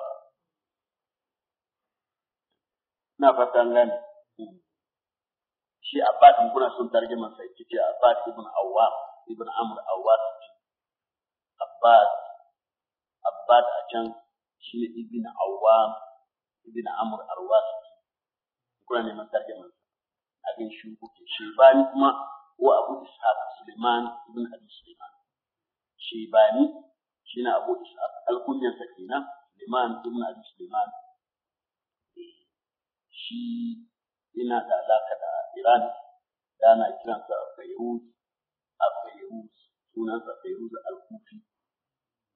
na fatan gane shi abbas in son tarjuma sai kike abbas ibn awwa ibn amr a can shi ibn awwa ibn amr arwas kuna neman tarjuma abin shi kuke shi bani kuma هو أبو إسحاق سليمان بن أبي سليمان shi yana da alaka da Iran da ana kiransa Fayruz a Fayruz sunansa Fayruz al-Kufi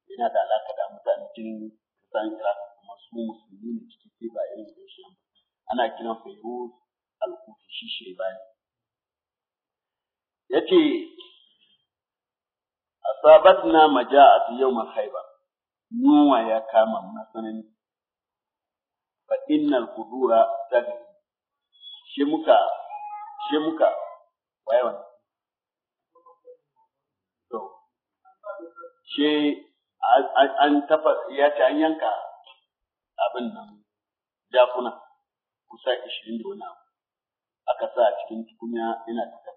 yana da alaka da mutanen jinin kasan kuma su musulmi ne cikin ba irin ana kiran Fayruz al-Kufi shi shebani yace asabatna maja'at yawma khaybar nuwa ya kama masanani fa innal qudura taghi shi muka shi muka waye wannan to shi an tafa ya ce an yanka abin nan jakuna kusa ishirin da wani abu aka sa a cikin tukunya ina tafa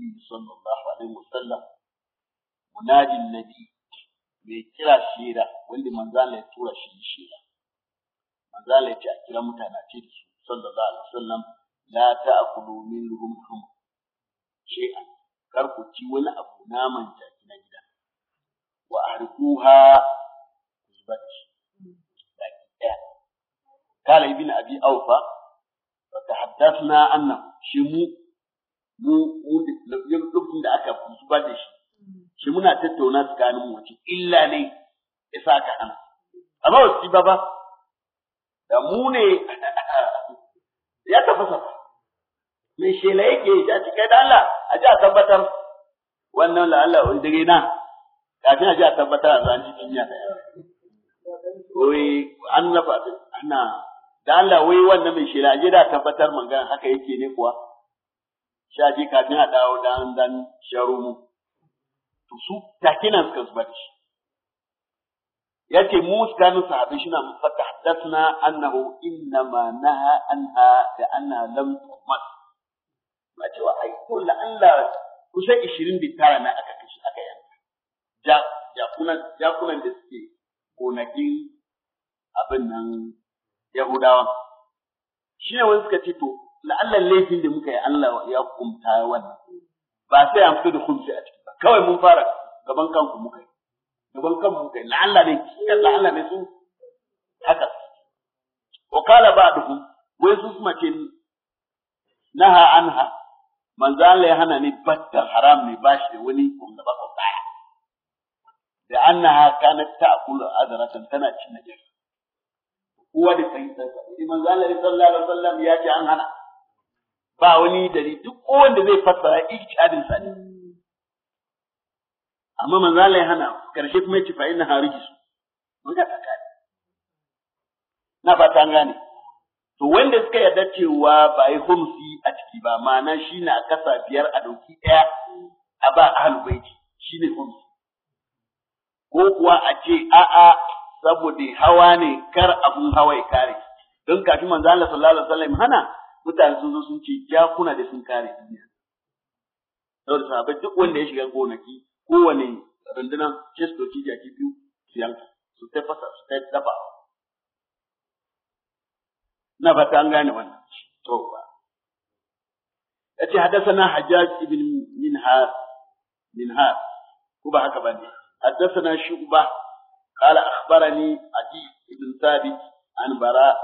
صلى الله عليه وسلم منادي النبي mai kira shira wanda manzala ya tura shi shira manzala ya ce a kira mutane ce da su sallallahu alaihi wasallam la ta'kulu min rumhum shay'an kar ku ci wani abu naman jaki na gida wa arquha zubat baki daya kala ibn abi aufa fa tahaddathna annahu shi mu mu lokacin da aka zubar da shi shi muna tattauna tsakanin mu wace illa ne ya sa ka hana amma wasu ba ba da mu ne ya tafasa me shela yake ya ci kai da Allah a ji a tabbatar wannan la Allah wani dare na kafin a ji a tabbatar a zan ji duniya wai an nafa ana da Allah wai wannan mai shela a ji da tabbatar mangan haka yake ne kuwa sha biyu kafin a dawo dan dan mu. to su takinan suka zubar shi yace mu tsakanin sahabi shi na mutaka haddathna annahu ma naha anha da anna lam tumat ma cewa ai ko la Allah kusan tara na aka kashi aka yanka ja ja jakunan da suke gonakin abin nan Yahudawa shi ne wani suka ce to la'allan laifin da muka yi Allah ya kumta wannan ba sai an fito da kumshi a cikin ba kawai mun fara gaban kanku muka yi gaban kanku muka yi la'alla ne kikan la'alla ne su haka wa qala ba'duhum wai su kuma ce naha anha manzo Allah ya hana ni batta haram ne bashi wani kun da ba ko baya da annaha kanat ta'kulu adratan tana cin najasa kowa da kai sai manzo Allah sallallahu alaihi wasallam ya ce an hana ba wani dalili duk wanda zai fassara ijtihadin sa ne amma manzala ya hana karshe kuma ya fa'in na inna su mun ga tsakani na fata gane to wanda suka yarda cewa ba yi homsi a ciki ba ma'ana shi na kasa biyar a dauki daya a ba ahlul shi ne homsi. ko kuwa a ce a'a saboda hawa ne kar abun hawa ya kare don kafin manzo Allah sallallahu alaihi wasallam hana mutane sun zo sun ce jakuna da sun kare duniya saboda sahabbai duk wanda ya shiga gonaki kowane rundunan sai su doki jaki biyu su yanka su ta fasa su ta dafa na fata an gane wannan to ba yace na hajjaj ibn minhar minhar ko ba haka bane hadathana shuba قال أخبرني عدي Ibn ثابت An-Bara,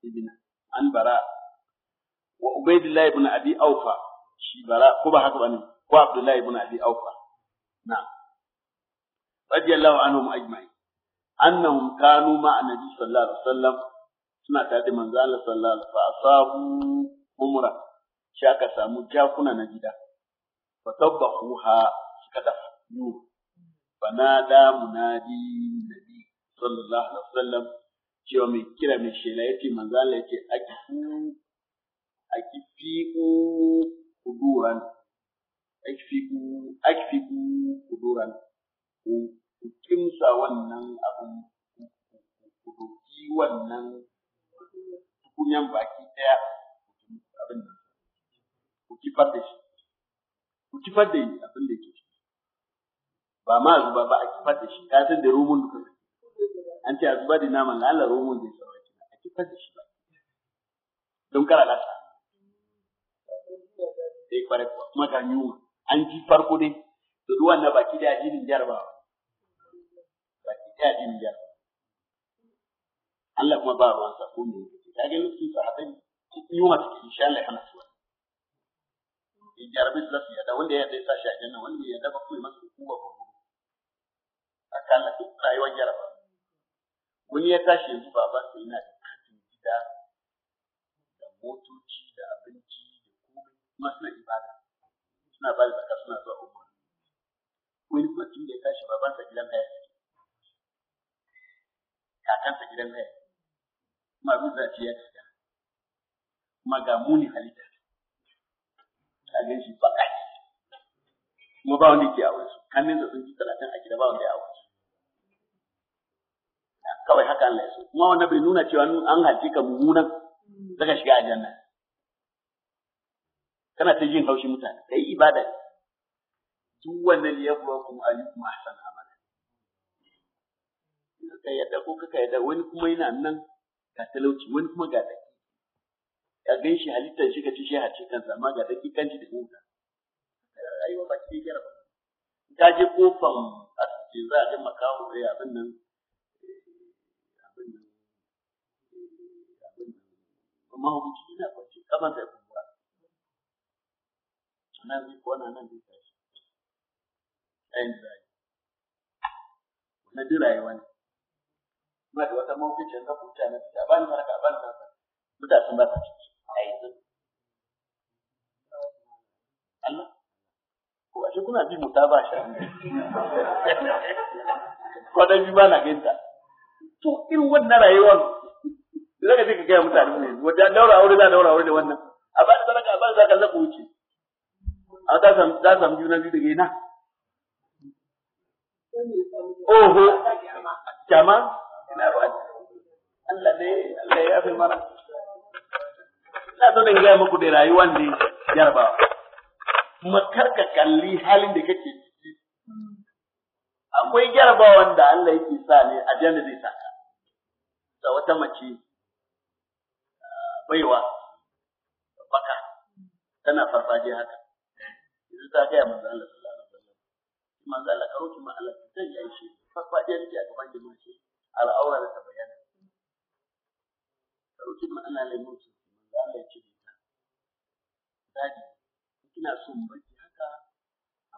Ibn An-Bara. wa Ubaidullahi ibn Abi Aufa shi bara ko ba haka bane ko Abdullahi ibn Abi Aufa na'am radiyallahu anhum ajma'in annahum kanu ma'a nabi sallallahu alaihi wasallam suna tare da manzo Allah sallallahu alaihi wasallam asabu umra shi aka samu jakuna na gida fa tabbahuha suka dafa yuru fanada munadi nabi sallallahu alaihi wasallam cewa mai kira mai shela yake manzo Allah yake aki أكفيكوا قدورا أكفيكوا أكفيكوا قدورا وكمسا ونن ku kuduki wannan tukunyan baki ɗaya abin da ku kifar da shi ku kifar da abin da ke ba ma zuba ba a kifar da shi ka san da romun duka an ce a zuba da naman lalla romun zai sauranci a kifar da shi ba don kar a lasa sai kwarai kuwa kuma ga yunwa an ji farko dai to duk wannan baki da addinin jarabawa baki da addinin jarba Allah kuma ba ruwan sa ko me yake kage lokacin sa hakan yunwa take insha Allah kana suwa in jarabi su lafiya da wanda ya dai sa shi a janna wanda ya yarda ba kuma masa hukuma ko aka akalla duk rayuwar jarba wani ya tashi yanzu baba sai na da katin gida da motoci kuma suna ibada suna ba da zaka suna zuwa umma wani kuma tun da ya tashi sa gidan haya kakansa gidan haya kuma abin za ce ya shiga kuma ga muni halitta ka gan shi baka kuma ba wanda ke awon su kamin da sun ji talatin a gida ba wanda ya awon su kawai haka Allah ya so kuma wannan bai nuna cewa an halice ka mummunan daga shiga aljanna kana ta jin haushi mutane kai ibada duk wannan ya kuwa kuma ayyukum ahsan amala ka yadda ko ka yadda wani kuma yana nan ka talauci wani kuma ga daki ka gan shi halittar shi ka ci shi a cikin kansa amma ga daki kanci da huta rayuwa ba ke gyara ba ka je kofan asibiti za a ga makaho da eh, abin nan eh, abin nan eh, abin nan amma hukunci ina kwanci kaman da nan zai kona nan zai tashi ayin rayu wannan duk rayuwa ne kuma da wata mawukacin ka kuta na fita ba ni maraka ba ni maraka mutane ba ta ciki a yanzu Allah ko ashe kuna bi muta ba shi ko dan bi ba na ganta to irin wannan rayuwar zaka je ka ga mutane ne wata daura aure da daura aure da wannan a ba da sadaka ba za ka zaka wuce a ta samu ta samu juna biyu daga ina oho kyama ina ba Allah ne Allah ya fi mara. ina so da gaya muku da rayuwan ne jarabawa kuma ka kalli halin da kake ciki akwai jarabawan da Allah yake sa ne a jana zai saka da wata mace ah, baiwa baka tana farfaje haka yanzu ta gaya manzo Allah sallallahu alaihi wasallam manzo Allah karo ki ma Allah zai yi shi farfadiya take a gaban jama'a ce al'aura da ta bayyana karo ki ma Allah ne mutum manzo Allah ya ce ta dadi kina so mu baki haka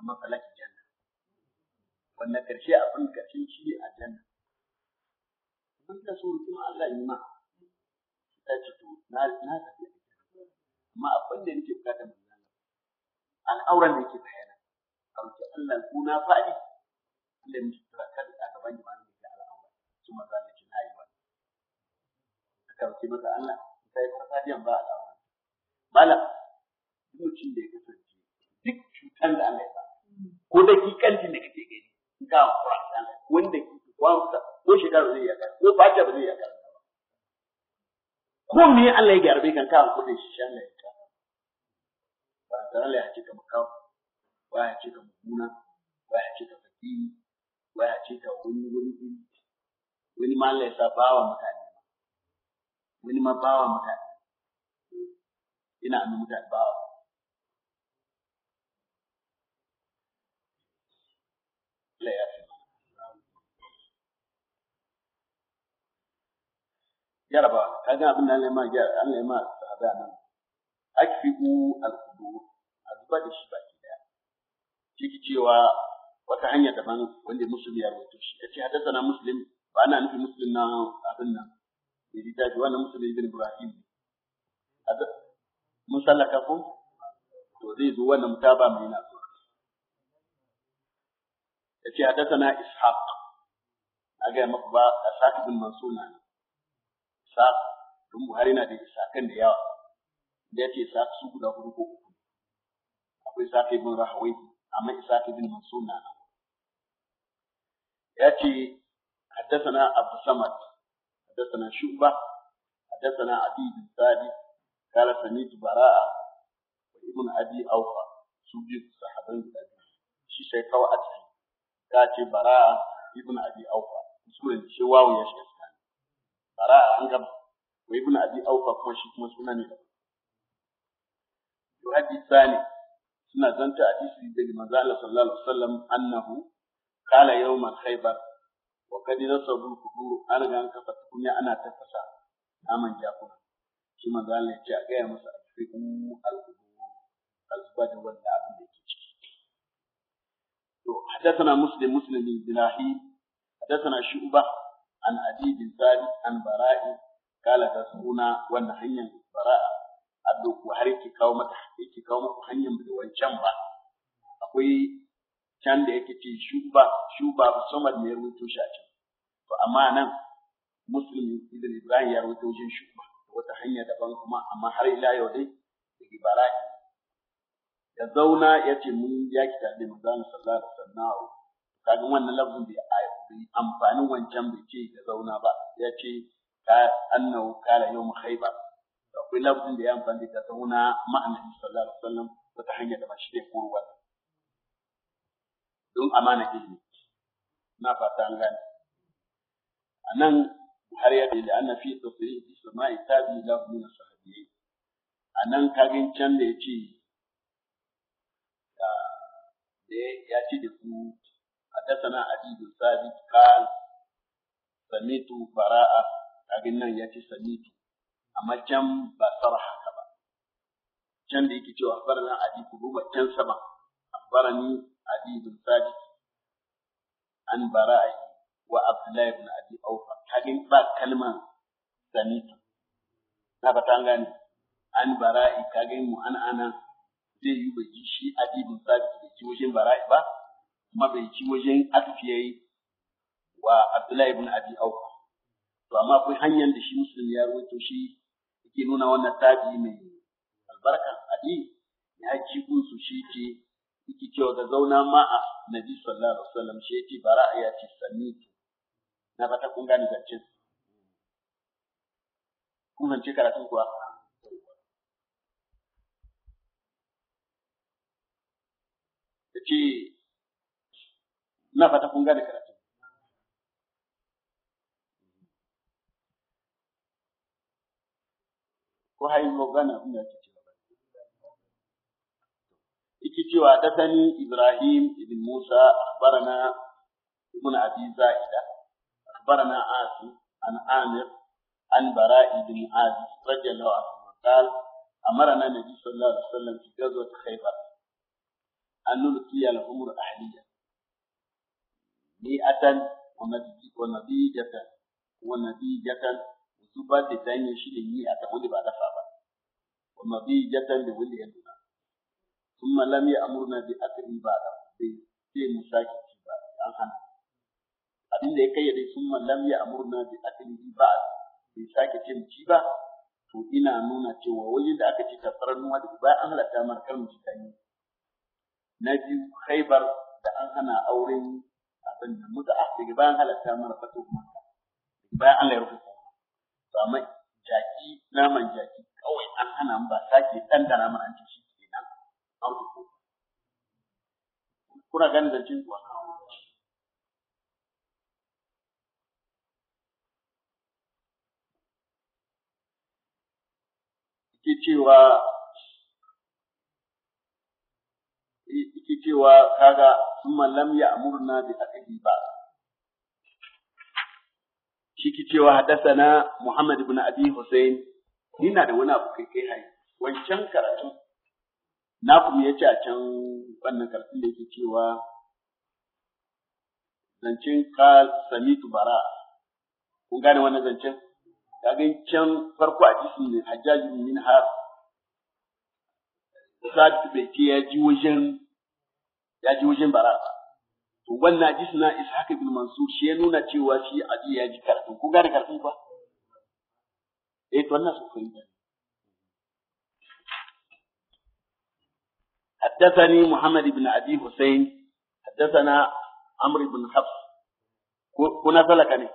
amma fa laki janna wannan karshe abin karshen shi a janna mun da so kuma Allah yi ma ta ce to na na tafi amma abin da nake bukata al'auran da yake bayyana a roƙi Allah guna faɗi Allah ya mutu kan a gaban imanin da ke al'aura su maza da ke nayi ba aka roƙi masa Allah ta yi farfadiyan ba al'aura mala mutum da ya kasance duk cutar da Allah ya ba ko da kanti da kake gani ga fura wanda ke wanka ko shekaru zai yaka ko fata ba zai yaka ko me Allah ya gyarbe kan ka kudin shi Allah ya dan Allah ya ce ka makamu ba ya ce ka mumuna ba ya ce ka fakiri ba ya ce ka wani wani iri wani ma Allah ya sa bawa mutane wani ma bawa mutane ina annu mutane bawa Allah ya fi yarba kaga abin da Allah ya ma Allah ya ma sahaba nan akfiku al-qudur ba da shi baki daya shi cewa wata hanya daban wanda musulmi ya rubuta shi ya ce haddasa na muslim ba na nufin muslim na abin nan bai ji daji wannan musulmi ibn ibrahim mun sallaka ko to zai zo wannan mutaba mai na so ya ce haddasa na ishaq a gaya maka ba a sa'ad bin mansur na sa'ad tun buhari na da isakan da yawa da ya ce su guda hudu ko uku akwai sa'id ibn rahawi amma isaac ibn mansur na nan yace haddathana abu samad haddathana shuba haddathana abi bin sadi qala sami'tu bara'a wa ibn abi awfa suji sahaban sadi shi sai kawa a ciki ka ce bara'a ibn abi awfa sunan shi wawo ya shiga bara'a an ga wa ibn abi awfa kuma shi kuma sunan ne yuhaddithani suna zanta a cikin da manzo Allah sallallahu alaihi wasallam annahu kala yawma khaybar wa kad nasabu kudur an ga an kafa tukunya ana tafasa naman jakuna shi manzo Allah ya ce a gaya masa afiqu al-qudur azbad wanda abin da yake ciki to hadathana muslim muslim bin bilahi hadathana shu'ba an abi bin sadi an bara'i kala tasuna wanda hanyar bara'a allo ko har yake kawo mata yake kawo muku hanyar da wancan ba akwai can da yake ce shuba shuba samar ne ya rubuto shi a can to amma nan muslim ibn ibrahim ya rubuto shi shuba wata hanya daban kuma amma har ila yau dai da ibrahim ya zauna ya ce mun yaki tare da manzon sallallahu alaihi wasallam kaga wannan lafzin bai amfani wancan bai ce ya zauna ba ya ce ka annahu kala yawm khaybar akwai lafazin da ya amfani da ta wuna ma'anar sallallahu alaihi wasallam wata hanya da ba shi ne koruwa don amana ilimi na fata an gane a nan har ya da ana fi tafiye fi sama'i tabi da min sahabiyyi a nan kagin can da ya ce ya ce da ku a a حدثنا عدي بن ثابت قال سميت nan ya يتي samitu. amma can ba tsara haka ba can da yake cewa adi abi kuruba can sama ni adi bin sadi an bara'i wa abdullahi bin adi aufa kadin ba kalman zanita na ba ta gani an bara bara'i kagin mu an ana zai yi ba ji shi adibin sabit bai ci wajen yi ba kuma bai ci wajen atfiyai wa abdullahi bin adi aufa to amma akwai hanyar da shi musulmi ya rawaito shi yake nuna wannan tabi mai albarka adi ya ci su shi cewa ga zauna ma'a nabi sallallahu alaihi wasallam shi yake bara ya na fata kun gane zance kun zance karatun kuwa na fata kun karatun وهي مغنى من الكتوى حدثني إبراهيم بن موسى أخبرنا ابن أبي زائدة أخبرنا عاصم عن عامر عن براء بن عازي رضي الله عنه قال أمرنا النبي صلى الله عليه وسلم في غزوة خيبر أن نلقي الأمور أهلية مئة ونبيجة ونبيجة zubar da danyen shi da yi a ta wanda ba dafa ba wa mabijatan da wanda ya nuna kuma lam ya amurna bi akri ba da sai sai mu saki ci ba an hana abin da ya kai dai sun lam ya amurna bi akri ba sai sake ce mu ci ba to ina nuna cewa wajen da aka ci tasarar nuwa da ba an halatta markar mu ci danyen na biyu haibar da an hana auren abin da muta daga bayan halatta mara fatu kuma bayan Allah ya rubuta amma jaki naman jaki kawai an hana mu ba sake dandana mu an ci shi kenan an ku kuna ganin da cin kuwa ke cewa yake cewa kaga sun lam ya amurna da akadi ba shi ke cewa hadasana Muhammad ibn Abi Hussein ina da wani abu kai kai hai wancan karatu na kuma yace a can wannan karatu da yake cewa zancen ka samitu bara kun gane wannan zancen ga can farko a cikin ne Hajjaj ibn sa ta bai ce ya ji wajen ya ji wajen bara to wannan hadisi na Ishaq ibn Mansur shi ya nuna cewa shi abi ya ji karatu ko gane karatu ba eh to wannan sun حدثني محمد بن أبي حسين حدثنا عمرو بن حفص كنا سلك ne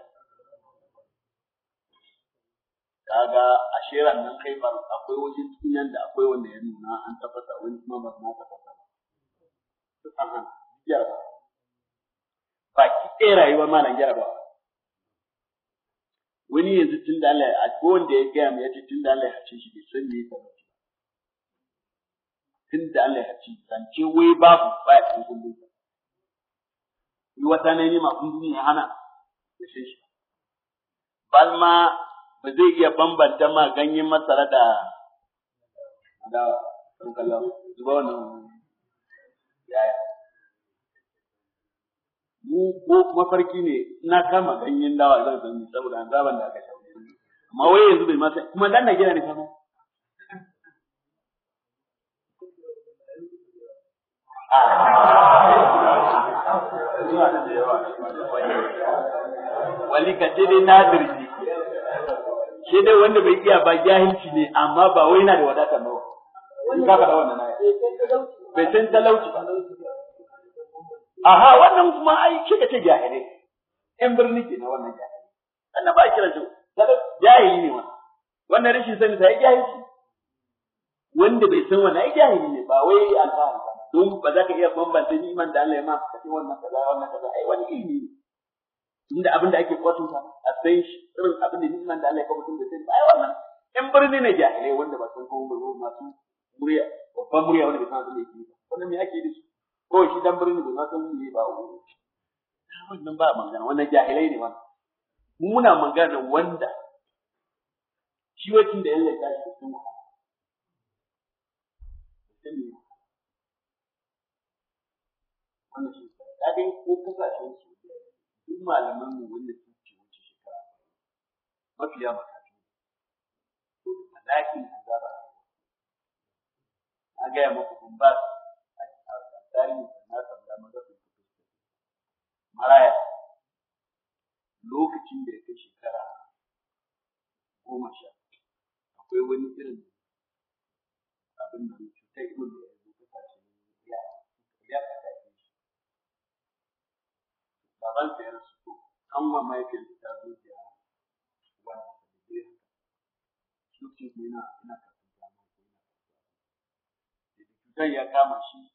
kaga a sheran nan kai ba akwai waje tunan da akwai wanda ya nuna an tafasa wani kuma ba ma tafasa ba an hana baki ɗaya rayuwar malam jarabawa wani yanzu tun da Allah a wanda ya gaya mu ya ce tun da Allah ya hace shi bai san me yake ba tun da Allah ya hace zance wai babu ba ya cikin kundin sa yi wata na ne ma kundin ya hana ya san shi bal ma ba zai iya bambanta ma ganyen masara da da kan zuba wannan yaya mu ko mafarki ne na kama ganyen dawa zan san saboda an zaban da aka sha amma wai yanzu bai ma sai kuma dan Najeriya ne kama wali ka ce dai na dirji shi dai wanda bai iya ba jahilci ne amma ba wai na da wadata ba ka faɗa wannan aya bai san talauci ba aha wannan kuma ai ce ta jahilai yan birni ke na wannan jahilai annan ba kira shi jahili ne wannan wannan rashin sani sai jahilci wanda bai san wannan ai jahili ne ba wai alfahari ba don ba za ka iya bambanta iman da Allah ya ma ka ce wannan kaza wannan kaza ai wani ilimi ne inda abin da ake kwatun a san shi irin abin da niman da Allah ya kwatun da sani ai wannan in birni ne jahilai wanda ba san ko masu murya babban murya wanda bai san abin da yake ba wannan me ake yi da shi. Kawai shi dan birni ba san me ba ah, wannan ba magana wannan jahilai ne wannan mu muna magana wanda shi wacin da yalla ta shi cikin wannan shi da dai ko shi su duk malaman mu wanda su ce wuce shekara mafiya makafi to malakin azaba a ga ya muku ba misali na samu damar rasa maraya lokacin da ya kai shekara goma sha akwai wani irin abin da cutar ido da ya zo kasashe ya ya kasashe shi baban sa ya rasu to an ma mahaifiyar ta zo da wani sabbin lokacin da yana yana kafin dama ko ya kama shi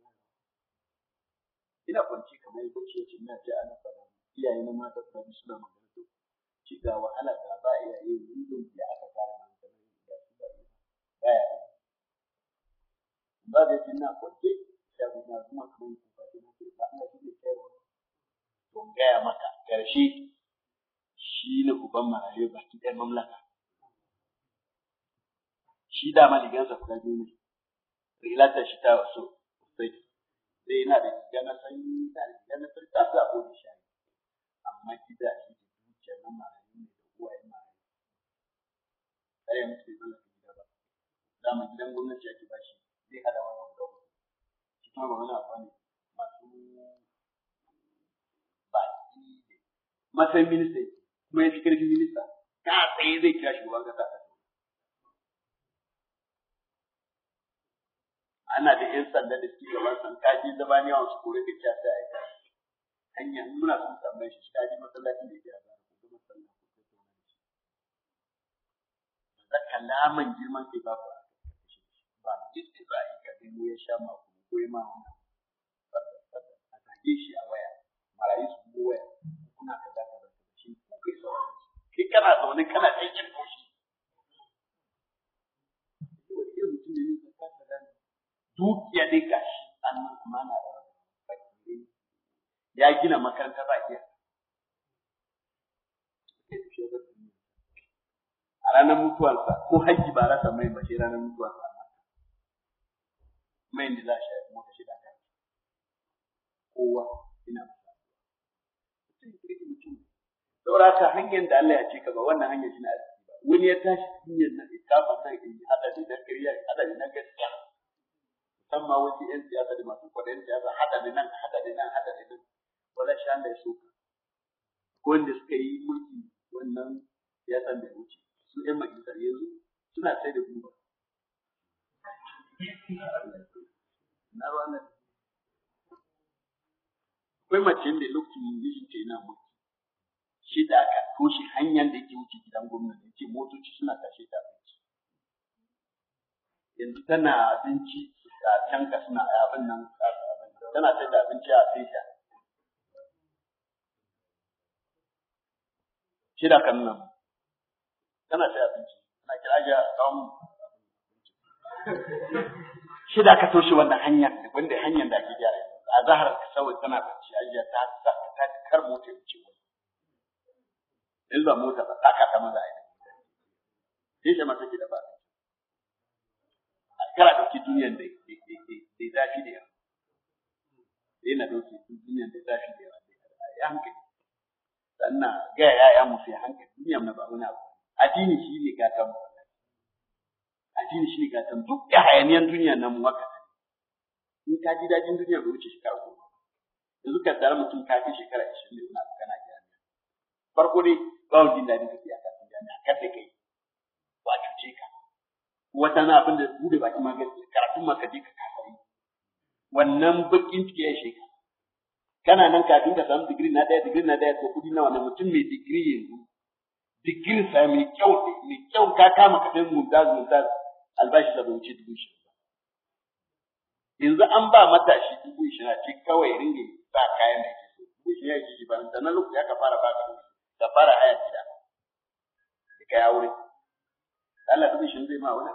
ina kwanci kamar yadda ce ce ina ta ana fara iyaye na mata ta bi suna magana to ci ga wahala ga ba iyaye zindin da aka fara nan da nan da su ba ba ya ba da ina kwanci da na kuma kamar ku ba ina ce ba ina shi ke to gaya maka karshe shi ne uban marayu baki ɗaya mamlaka shi dama ligansa kuka biyu ne rilatar shi ta wasu sai sai yana da shiga na sanyi da shiga na firka za a ofi shayi amma gida shi da na marayu ne da marayu gida ba dama gidan gwamnati ba shi zai hada wannan guda shi kuma ba wani abu ne masu baki matsayin minista kuma ya fi ƙarfin minista ka tsaye zai kira shugaban ƙasa ana da yan sanda da ci gaban san kaji zaba ne wasu kore da kyasa a ita hanyar muna son samun shi kaji masallacin da ke ta tona da kalaman girman kai ba ba ba yi ka mu ya sha ma kuma ko ma a tage shi a waya marayi su ko waya kuna kaza shi ko kai sauran kai kana zaune kana aikin ko shi wani irin mutum ne ne ka dukiya dai gashi annan kuma na da fakire ya gina makaranta ba ke a ranar mutuwarsa ko hajji ba rasa mai bace ranar mutuwarsa mai da za shi kuma ka shida kai kowa ina saura ka hanyar da Allah ya ce ka ba wannan hanyar shi na arziki ba wani ya tashi hanyar na ikafa sai in hada da na kariya hada da na gaskiya musamman wasu 'yan siyasa da masu kwaɗayin siyasa haɗa da nan haɗa da nan haɗa da nan wala shan da shuka ko wanda suka yi mulki wannan siyasa da ya wuce su 'yan majalisar yanzu suna sai da guba na akwai mace da lokacin mijin ta yana mulki shi da aka toshe hanyar da yake wuce gidan gwamnati ya ce motoci suna tashe ta abinci yanzu tana abinci can ka suna abin nan tana sai da abinci a Asia. Shida kan nan tana sai abinci na kira ga tsawon da ka toshe wannan hanyar wanda hanyar da ake gyara a zahar ka saboda tana bacci ajiya ta ta ta kar mota ce illa mota ba ta ka ta maza ai sai ta mata ki da ba kara dauki duniyar da da zafi da yawa yana dauki duniyar da zafi da yawa ya hankali sannan ga ya'ya mu sai hankali duniyar na ba wani abu addini shi ne gatan mu addini shi ne gatan duk da hayaniyan duniya nan mu haka in ka ji dajin duniya ba wuce shekara goma yanzu ka tsara mutum ka fi shekara ashirin da wani abu kana jami'a farko dai ba wani jin daɗin tafiya kafin jami'a kar da kai wata na abin da bude baki ma gaskiya karatun ma ka je ka kafa yi wannan bakin ciki ya shiga kana nan ka ka samun digiri na daya digiri na daya to kudi na wannan mutum mai digiri yanzu Digiri sa mai kyau mai kyau ka kama ka kai mumtaz mumtaz albashi da wuce dubu shi yanzu an ba matashi dubu na ce kawai ringe ba kayan da ke so dubu shi ya shi ba da na lokaci aka fara ba ka da fara haya gida da kai aure Allah ta shi zai ma wani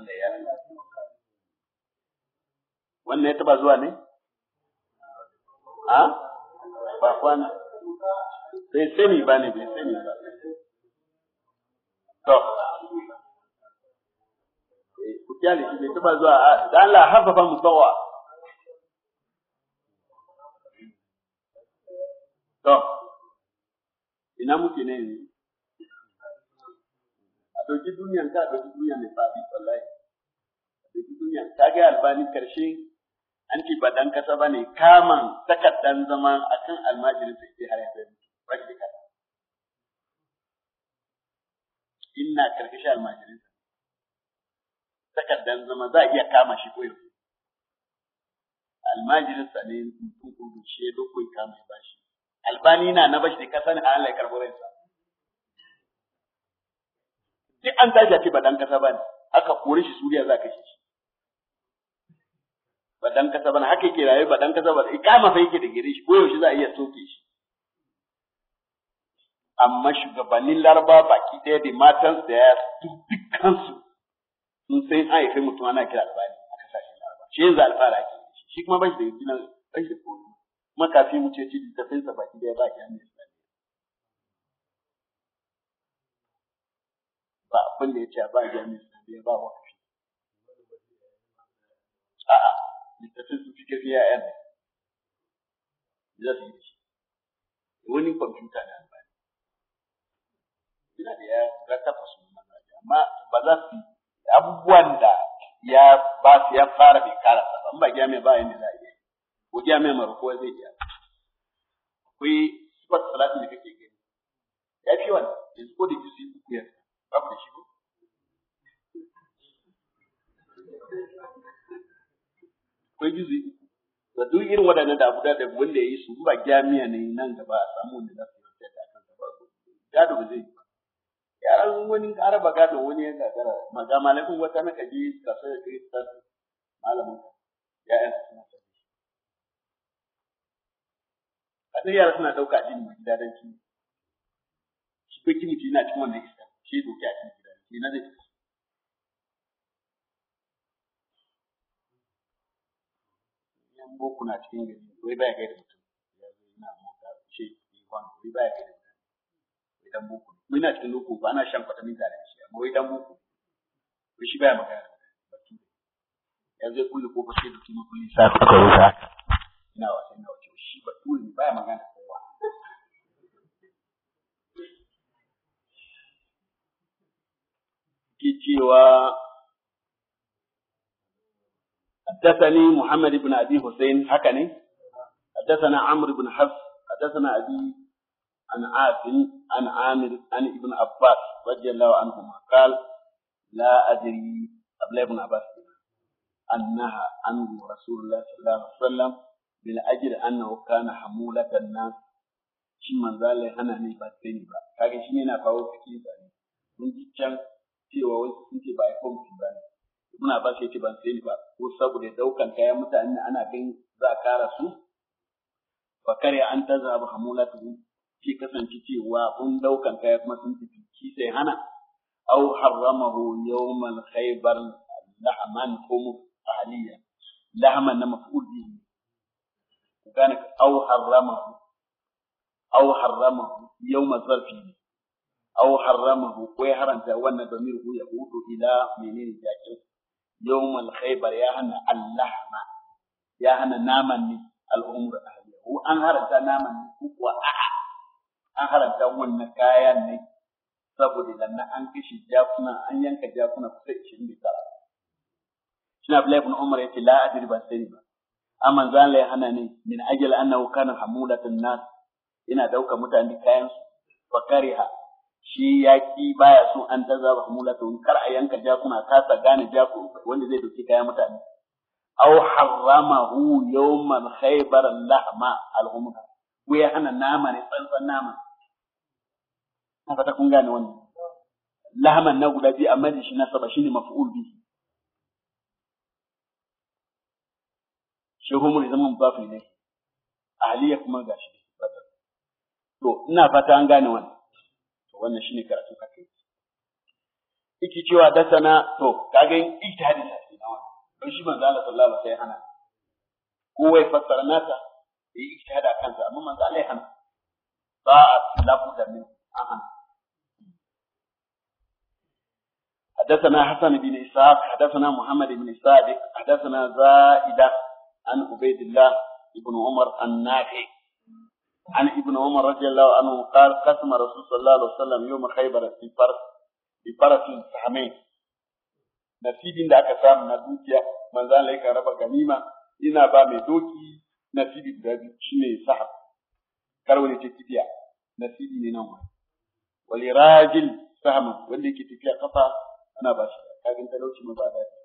Allah ya yi wannan ya taba zuwa ne Ha? Ah? ba kwana bai sani ba ne bai sani ba to eh, ku kyale shi bai taba zuwa ah, da Allah hafafa tsawa. to ina muke ne yanzu a ɗauki duniyan ka a ɗauki duniya mai faɗi wallahi a ɗauki duniyan ka ga albani karshe an ce ba dan kasa ba ne kaman takardar zama a kan almajirin sai ce har ya kai mutu ba shi kasa ina karkashi almajirin takardar zama za a iya kama shi koyo almajirin sa ne mutum kudu shi ya dokoi kama ba bashi albani na na bashi da kasa ne a halayyar ya rai duk an tashi ce ba dan kasa ba ne aka kore shi Suriya za ka shi shi ba dan kasa ba ne haka yake rayuwa ba dan kasa ba kama fa yake da gire shi ko yaushe za a iya soke shi amma shugabannin laraba baki ɗaya da matan da ya su sun sai an haife mutum ana kira albani a kasashen laraba shi yanzu alfara ake shi kuma ba shi da gidan ba shi da kuma kafin mu ce ce da tafinsa baki ɗaya ba ki hannu ba abin da ya ce ba jami'in islamiyya ba wakafi su fi kafi ya'yan za su yi wani kwamfuta da amfani ina da ya ga takwas mazaje amma ba za su abubuwan da ya ba su ya fara bai karasa ba ba jami'a ba yanda za a yi ko jami'a mara zai iya akwai sifar salatin da kake gani ya fi wannan yanzu ko da jisi uku yanzu ba ku shi ko akwai juzu duk irin waɗannan da abu da da wanda ya yi su ba jami'a ne nan gaba a samu wanda za su yi wata da kan gaba gado ba zai yi ba yaran wani ƙara ba gado wani ya gagara maga malamin wata na kaji kasuwa ya kai ta malamin ya yi suna ta a sai yara suna ɗauka addini mai dadanci shi ko kimuci yana cikin wannan sai doki a cikin gidan sai na zai yan boku na cikin gari wai baya kai da mutum ya zo yana mota ce ikon wai baya kai da mutum wai dan boku muna cikin loko ba ana shan kwatamin da shi amma wai dan boku wai shi baya magana ya zai kulle kofar sai da tuma kulle sa suka rusa ina shi ne baya magana ki cewa haddathani Muhammad ibn Abi Hussein haka ne haddathana Amr ibn Hafs haddathana Abi an Abin an Amir an ibn Abbas radiyallahu anhu qala la adri abla ibn Abbas annaha an rasulullah sallallahu alaihi wasallam bil ajr annahu kana hamulatan nas shi manzale hana ni ba sai ba na kawo cikin sa can cewa wasu sun ce ba ya kawo mutum ba ne muna ba shi ban sai ba ko saboda daukan kayan mutane ana ganin za a kara su ba kare an ta zaba hamulatu ki kasance cewa kun daukan kaya kuma sun tafi ki sai hana au harramahu yawmal khaybar lahman ko ahliya lahman na maf'ul bihi kana au harramahu au harramahu yawma zarfi aw harama ko ya haranta wannan damir ko ya hudu ila menene jakin yawmal khaybar ya hana allahma ya hana naman ne al'umur ahliya ko an haranta naman ne kuwa a'a an haranta wannan kayan ne saboda idan an an yanka jakuna kusa 29 shine Abdullahi ibn Umar yace la adri ba sani ba amma zan la hana ne min ajal annahu kana ina mutane kayan su shi ya ki baya so an daza ba hamula to kar a yanka jakuna ta gane jako wanda zai dauki kayan mutane aw harramahu yawman khaybar lahma alhumra ko ya hana nama ne tsantsan nama na fata kun gane wannan lahman na guda biyu amma shi na saba shine maf'ul bihi shi humur zaman bafi ne aliya kuma gashi to ina fata an gane wannan to wannan shine karatun a kai yake cewa dasana to kaga yin ijtihadi da shi nawa don shi manzo Allah sallallahu alaihi wasallam hana ko wai fassara nata yi ijtihadi a kansa amma manzo Allah ya hana ba a labu da min ahan حدثنا حسن بن إسحاق حدثنا محمد بن صادق حدثنا زائدة عن عبيد الله بن عمر النافع عن ابن عمر رضي الله عنه قال قسم رسول صلى الله عليه وسلم يوم خيبر في فرس في فرس سحمين نسيبين داك سام نبوكيا من ذلك رب غنيمة إنا با مدوكي نسيب برادي شمي سحب كروني تتبيع نسيب من عمر ولراجل سهم ولي كتبيع قطع أنا باشا هذا انت لو شمي بعد ذلك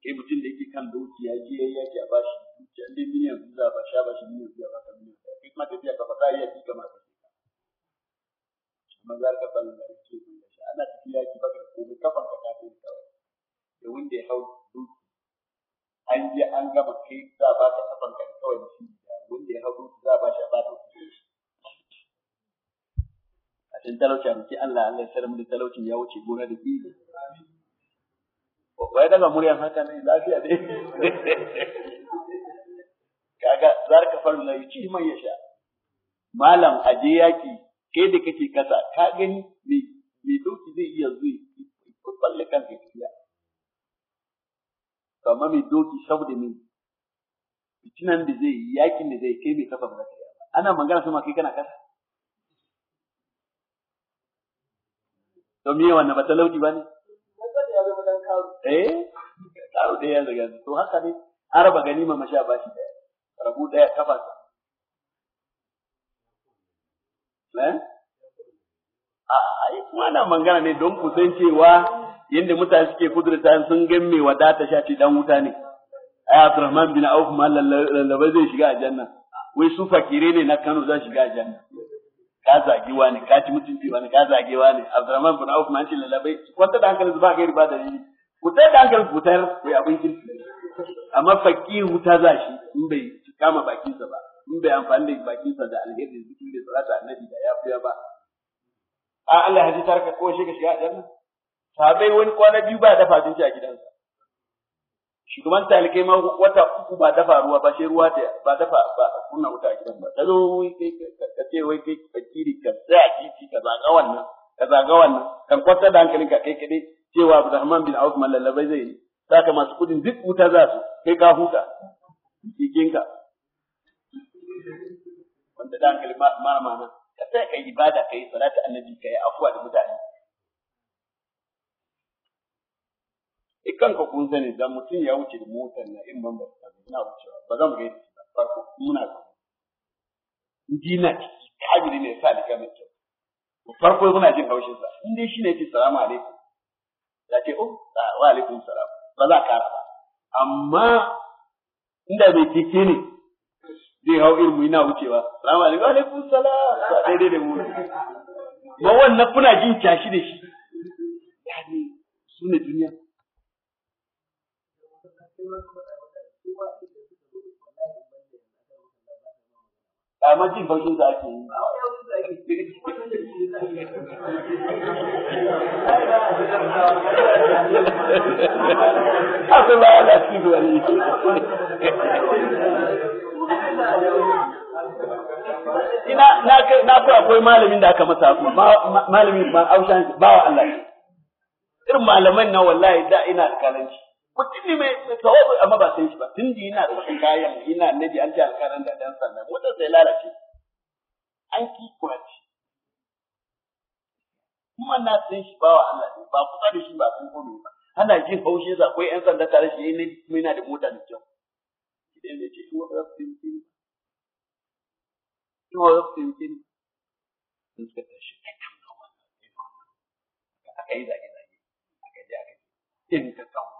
kai mutum da yake kan doki ya je ya ke a bashi dukiya dai miliyan su za a bashi a miliyan su ba ka miliyan ɗaya kai kuma tafiya ka faɗa iya ji kamar kashe ka amma za ka san da yake mai da shi ana tafiya ki baka komai kafan ka ta kai kawai da wanda ya hau doki an je an gama kai za a baka kafan ka kawai da shi wanda ya hau doki za a bashi a baka a can talauci a mutum Allah Allah ya sarar da talaucin ya wuce gona da biyu wai daga muryan haka ne lafiya dai kaga zarka farin na yuci man ya sha malam aje yaki kai da kake kasa ka gani me me doki zai iya zuwa ko balle kan gaskiya amma me doki saboda me fitinan da zai yakin da zai kai me kafa ba ana magana sama kai kana kasa to me wannan ba talauci ba ne eh kawo da ya riga to haka ne araba ganima ma sha bashi daya rabu daya kafasa eh a ai kuma na mangana ne don ku san cewa yadda mutane suke kudurta sun gan me wadata sha ce dan wuta ne ai Abdurrahman bin Auf ma lallaba zai shiga aljanna wai su fakire ne na Kano za shiga aljanna ka zage wani ka ci mutunci wani ka zage wani Abdurrahman bin Auf ma an ce lallabai wanda da hankali zuba gairi ba dalili ku da hankali ku tayar ku yi abin kirki amma fakki wuta za shi in bai kama bakinsa ba in bai amfani da bakinsa da alheri zikin da salatu annabi da fiya ba a Allah haji tarka ko shi ka shiga aljanna sabai wani kwana biyu ba dafa abinci a gidansa shugaban talikai ma wata uku ba dafa ruwa ba shi ruwa da ba dafa ba kunna wuta a gidan ba ta zo wai kai ka ce wai kai ka kiri ka sai a titi ka zaga wannan ka zaga wannan kan kwanta da hankalinka kai kadai cewa Abdurrahman bin Auf mallallabai zai yi saka masu kudin duk wuta za su kai ka huta ka. wanda da hankali mara mana ka sai ka yi ibada ka yi salatu annabi ka yi afuwa da mutane eh, kanka kun sani da mutum ya wuce da motar na in ban ba ina wucewa ba zan gaida shi ba farko muna ga dina kabiri ne sa ni ga mutum farko muna jin haushinsa. sa shi ne shine yake salamu alaikum da ce oh wa alaikum salam ba za ka ba amma inda bai kike ne zai hau irmu ina wucewa salamu alaikum wa alaikum salam ba dai da mu ba wannan kuna jin kyashi da shi yani su duniya amma jin bakin da ake yi Akwai ba ya lafi da wani. Ina na kai na ko akwai malamin da aka masa ku malamin ma aushan ba wa Allah. Irin malaman na wallahi da ina alkalanci. mutum ne mai tawazu amma ba san shi ba tun da yana da kayan yana nabi an ji alƙaran da dan sannan wanda sai lalace an ki kwaci kuma na san shi bawa Allah ne ba kusa da shi ba san komai ba ana jin haushin sa akwai yan sanda tare shi ne kuma yana da mota da kyau idan da ce kuma za su yi kuma za su yi sun suka tashi aka yi zage-zage aka je aka je irin ka kawo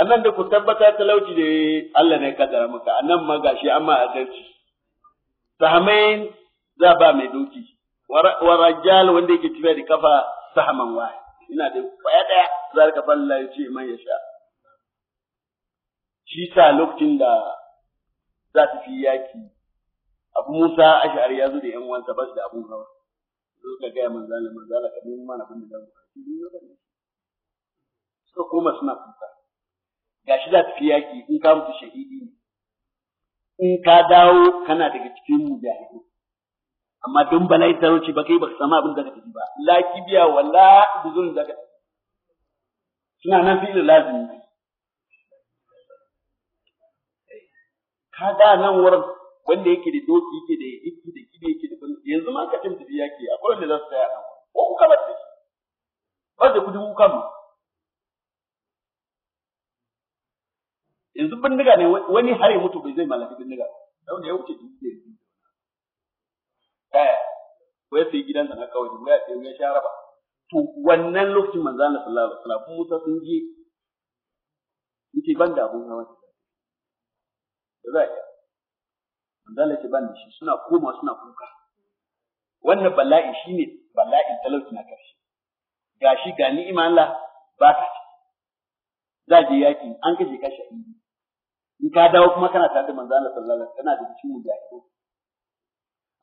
annan da ku tabbata talauci da Allah ne kaddara maka annan ma gashi amma adalci sahamain za ba mai doki wa rajal wanda yake tafiya da kafa sahaman wa ina da kwaya daya za ka falla ya ce man sha. shi sa lokacin da za ta fi yaki abu Musa Ash'ari ya zo da yan wanta ba da abun hawa zo ka ga manzala manzala ka nemi mana abin da za mu koma suna kuka gashi za su fi yaƙi in ka mutu shahidi ne in ka dawo kana daga cikin mu mujahidu amma don ita wuce ba kai ba samu abin da ka tafi ba la kibiya wala buzun da ka suna nan fi'il lazimi ka da nan wurin wanda yake da doki yake da yake da kibi yake da yanzu ma ka tafi yaƙi akwai wanda za su tsaya nan ko kuka bar da shi ba da kudin kuka mu yanzu bindiga ne wani har ya mutu bai zai mallaki bindiga ba da ya wuce dubu da yanzu kaya ko ya sai gidansa na kawai ko ya sai ya sha raba to wannan lokacin manzo Allah sallallahu alaihi wasallam Musa sun je yake ban da abun hawa da za ya manzo Allah ce ban da shi suna koma suna kuka wannan bala'i shine bala'in talauci na karshe gashi ga ni'imar Allah ba ka za je yakin an kashe ka inji. in ka dawo kuma kana tare da manzo Allah sallallahu alaihi wasallam kana da ciwon da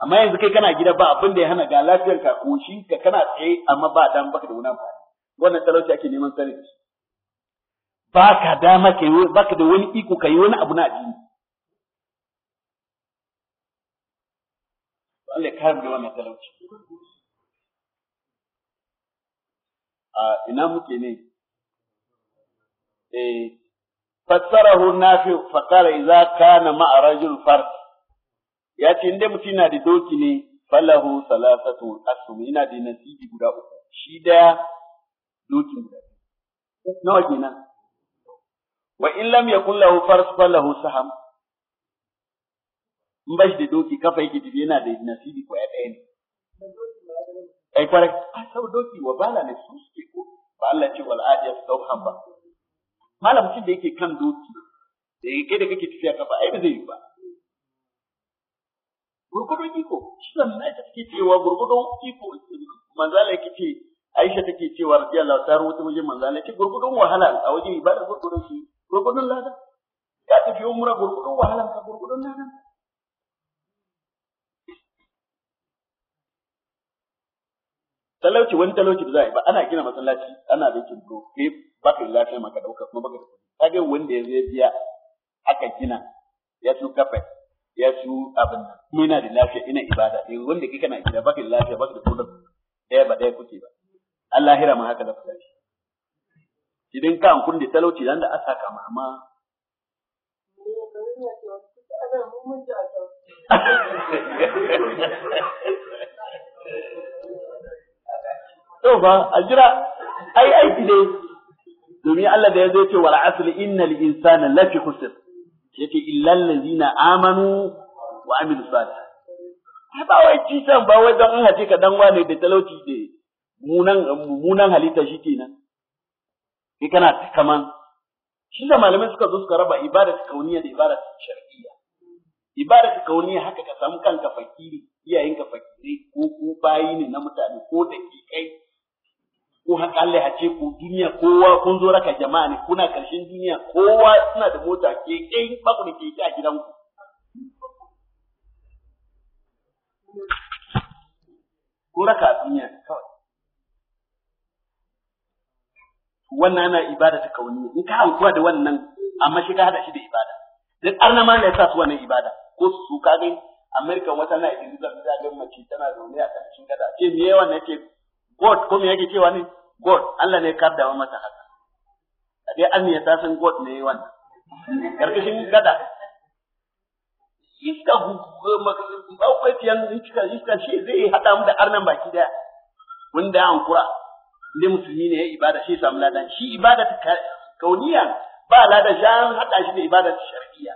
amma yanzu kai kana gida ba abin da ya hana ga lafiyar ka koshi ka kana tsaye amma ba dan baka da wani amfani wannan talauci ake neman sani ba ka dama ka yi ba ka da wani iko ka yi wani abu na addini Allah ya kare da wannan talauci a ina muke ne eh fassarahu nafi faqala idza kana ma'a rajul fard ya ce inda mutum yana da doki ne falahu salasatu asum yana da nasibi guda uku shi daya dokin guda nawa kenan wa in lam yakul lahu fars falahu saham in ba shi da doki kafa yake dibi yana da nasibi ko ya ɗaya ne ai eh, kwarai a ah, sau doki wa bala ne su suke ko ba Allah ce wal adiyat tawham ba malamin da yake kan doki da kai da kake tafiya kafa ai ba zai yi ba gurgudun iko shi nan Aisha take cewa gurgudun iko manzala yake ce Aisha take cewa radiyallahu ta rubuta waje manzala ce gurgudun wahala a waje ibada gurgudun shi gurgudun lada ya tafi umra gurgudun wahala ka gurgudun lada talauci wani talauci da za a yi ba ana gina masallaci ana da yake to kai baka ka lafiya maka dauka kuma baka da kuɗi kage wanda ya zai biya aka gina ya su kafa ya su abin nan kuma yana da lafiya ina ibada eh wanda kika na gina baka da lafiya baka da kuɗi ɗaya ba ɗaya kuke ba Allah hira ma haka da fara shi. idan ka an kunde talauci dan da asa ka amma Thank you. to ba a jira ai aiki ne domin Allah da ya zo ce wal asli innal insana lafi khusr yace illal zina amanu wa amilu salih ba wai citan ba wai dan haje ka dan wane da talauci da munan munan halitta kenan. kai kana kaman shi da malamai suka zo suka raba ibada kauniya da ibada shar'iyya ibada kauniya haka ka samu kanka fakiri iyayenka fakiri ko ko bayi ne na mutane ko da kai ko haka Allah ya ce ku duniya kowa kun zo raka jama'a ne kuna karshen duniya kowa suna da mota keke ba ku da keke a gidanku ko raka duniya kawai wannan ana ibada ta kauni in ka hankuwa da wannan amma shi ka hada shi da ibada duk arna ma ne sa su wannan ibada ko su su ka gani Amerika wata na idan zan ga mace tana zaune a karshen gada ce me yawan nake God ko me yake cewa ne God Allah ne karda dawa mata haka a dai an ya san God ne wannan karkashin gada iska makwaifiyan iska iska shi zai haɗa mu da arnan baki daya wanda an kura, inda musulmi ne ya ibada shi samu ladan shi ibada ta kauniya ba ladan shi an haɗa shi da ibada ta shar'iyya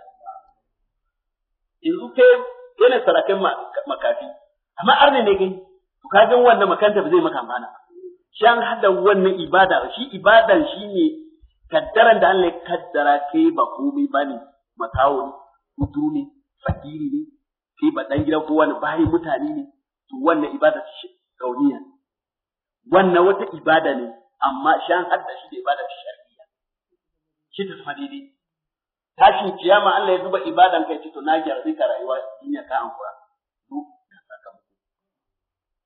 yanzu kai yana sarakin makafi amma arne ne gani to ka wannan makanta ba zai maka amfana shi an hada wannan ibada shi ibadan shi ne kaddaran da Allah ya kaddara kai ba komai ba ne makawo ne kudu ne fakiri ne kai ba dan gidan kowa ne bayan mutane ne to wannan ibada shi kauniya wannan wata ibada ne amma shan hada shi da ibada shar'iyya shi ta fa daidai tashin kiyama Allah ya zuba ibadan kai ce to na gyara zai ka rayuwa duniya ka an kura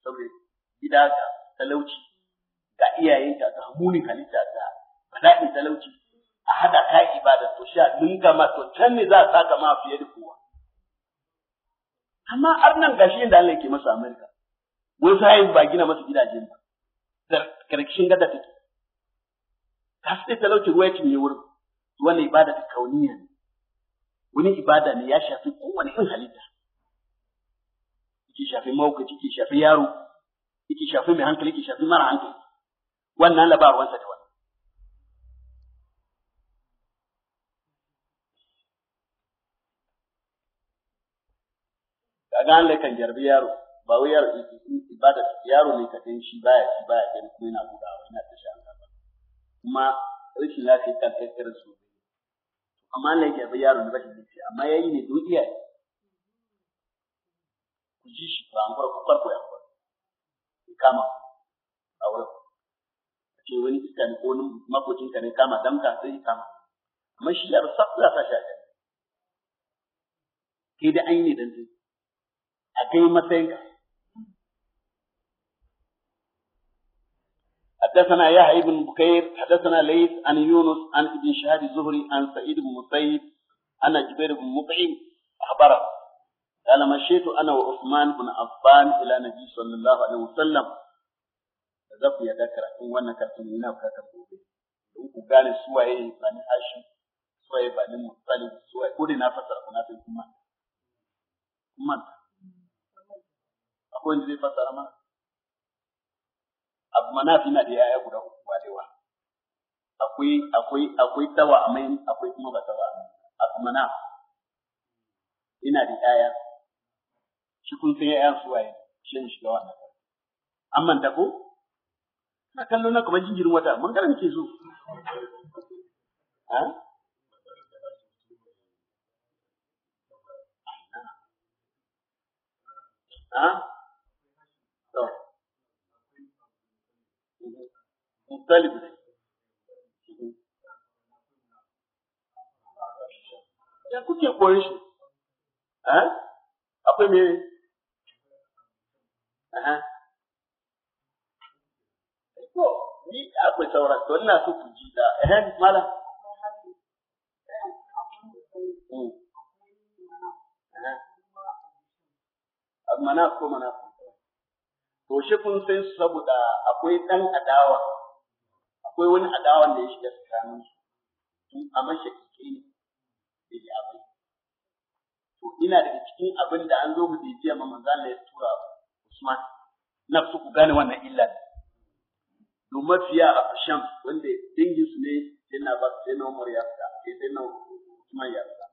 saboda gida ga talauci ga iyayenka ga munin halitta ga bala'in talauci a hada ka ibada to sha dinga ma to can ne za a saka ma fiye da kowa amma arnan gashi inda Allah yake masa Amerika wai sai ba gina masa gidaje ba da karkashin gada take ka sai talauci ruwa yake ne wurin wannan ibada ta kauniya ne wani ibada ne ya shafi kowane irin halitta yake shafi mauka yake shafi yaro yake shafi mai hankali yake shafi mara hankali wannan Allah ba ruwansa da wannan kaga Allah kan jarbi yaro ba wai yaro ibada yaro ne ka kadan shi baya shi baya gani kuma yana gudawa yana ta shan ba kuma rashin lafiya kan kai kare su amma Allah ya jarbi yaro ne ba shi amma yayi ne dukiya ku ji shi ba hankura ku farko ya hankura ya kama a wurin a ce wani iska ne ko wani makocin ka ne kama damka sai kama amma shi ya rasa za ta shi a can kai da an yi ne dan a kai matsayin ka حدثنا يحيى بن بكير حدثنا ليث عن يونس عن ابن شهاب الزهري عن سعيد بن مسيب عن جبير بن مطعم أخبره Dalamashetu ana wa Usman بن عفان إلى النبي صلى الله عليه وسلم ذاك يا ذكر إن وانا كرتم هنا وكاتب gobe don ku gane suwaye bani hashim suwaye bani mutalib suwaye ko na fasara kuna sai kuma kuma akwai wanda zai fasara mana abu manafi da yaya guda uku ba akwai akwai amai akwai kuma ba amai abu ina da yaya shi kun su waye shi wannan an manta ko na kallo na jinjirin wata mun so ha ha to ya kuke shi akwai Aha. To, ni akwai sauransu to su ku ji da, ehem, malam. Hmm. Mana ko mana To shi kun san saboda akwai ɗan adawa, akwai wani adawa da ya shiga tsakanin su, amma shakike ne da ya abin. To ina daga cikin abin da an zo mu bibiya ma manzan ya tura ba. ma na fito ku gane wannan illa to mafiya a fashan wanda dangin su ne sai na ba sai na umar ya fita sai na usman ya fita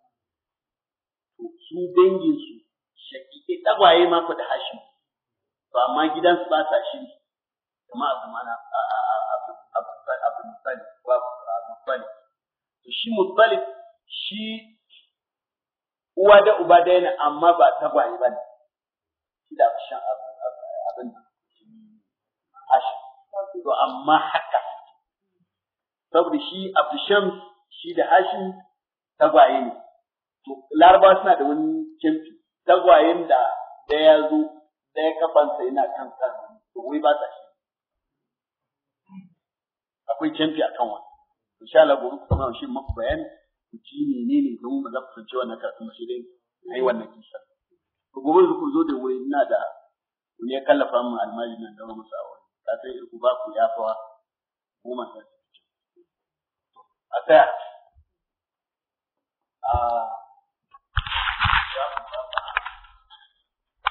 to su dangin su shakiki tagwaye ma fa da hashim to amma gidansu ba sa shi kuma a mana abu misali ko a misali to shi misali shi uwa da uba da yana amma ba tagwaye ba ne shi da abu shan abu abin ashi to amma haka saboda shi abdushams shi da hashim tagwaye ne to laraba suna da wani canfi tagwayen da da ya zo da ya kafansa yana kan sa to wai ba ta shi akwai canfi akan wani insha Allah gobe kuma shi maku bayani ku ci menene don mu zafi cewa na karatu mashi dai ai wannan kisa gobe ku zo da wuri na da ku ya kallafa mu almajin nan zama musu aure ka sai ku ba ku ya fawa goma ta a tsaya ah,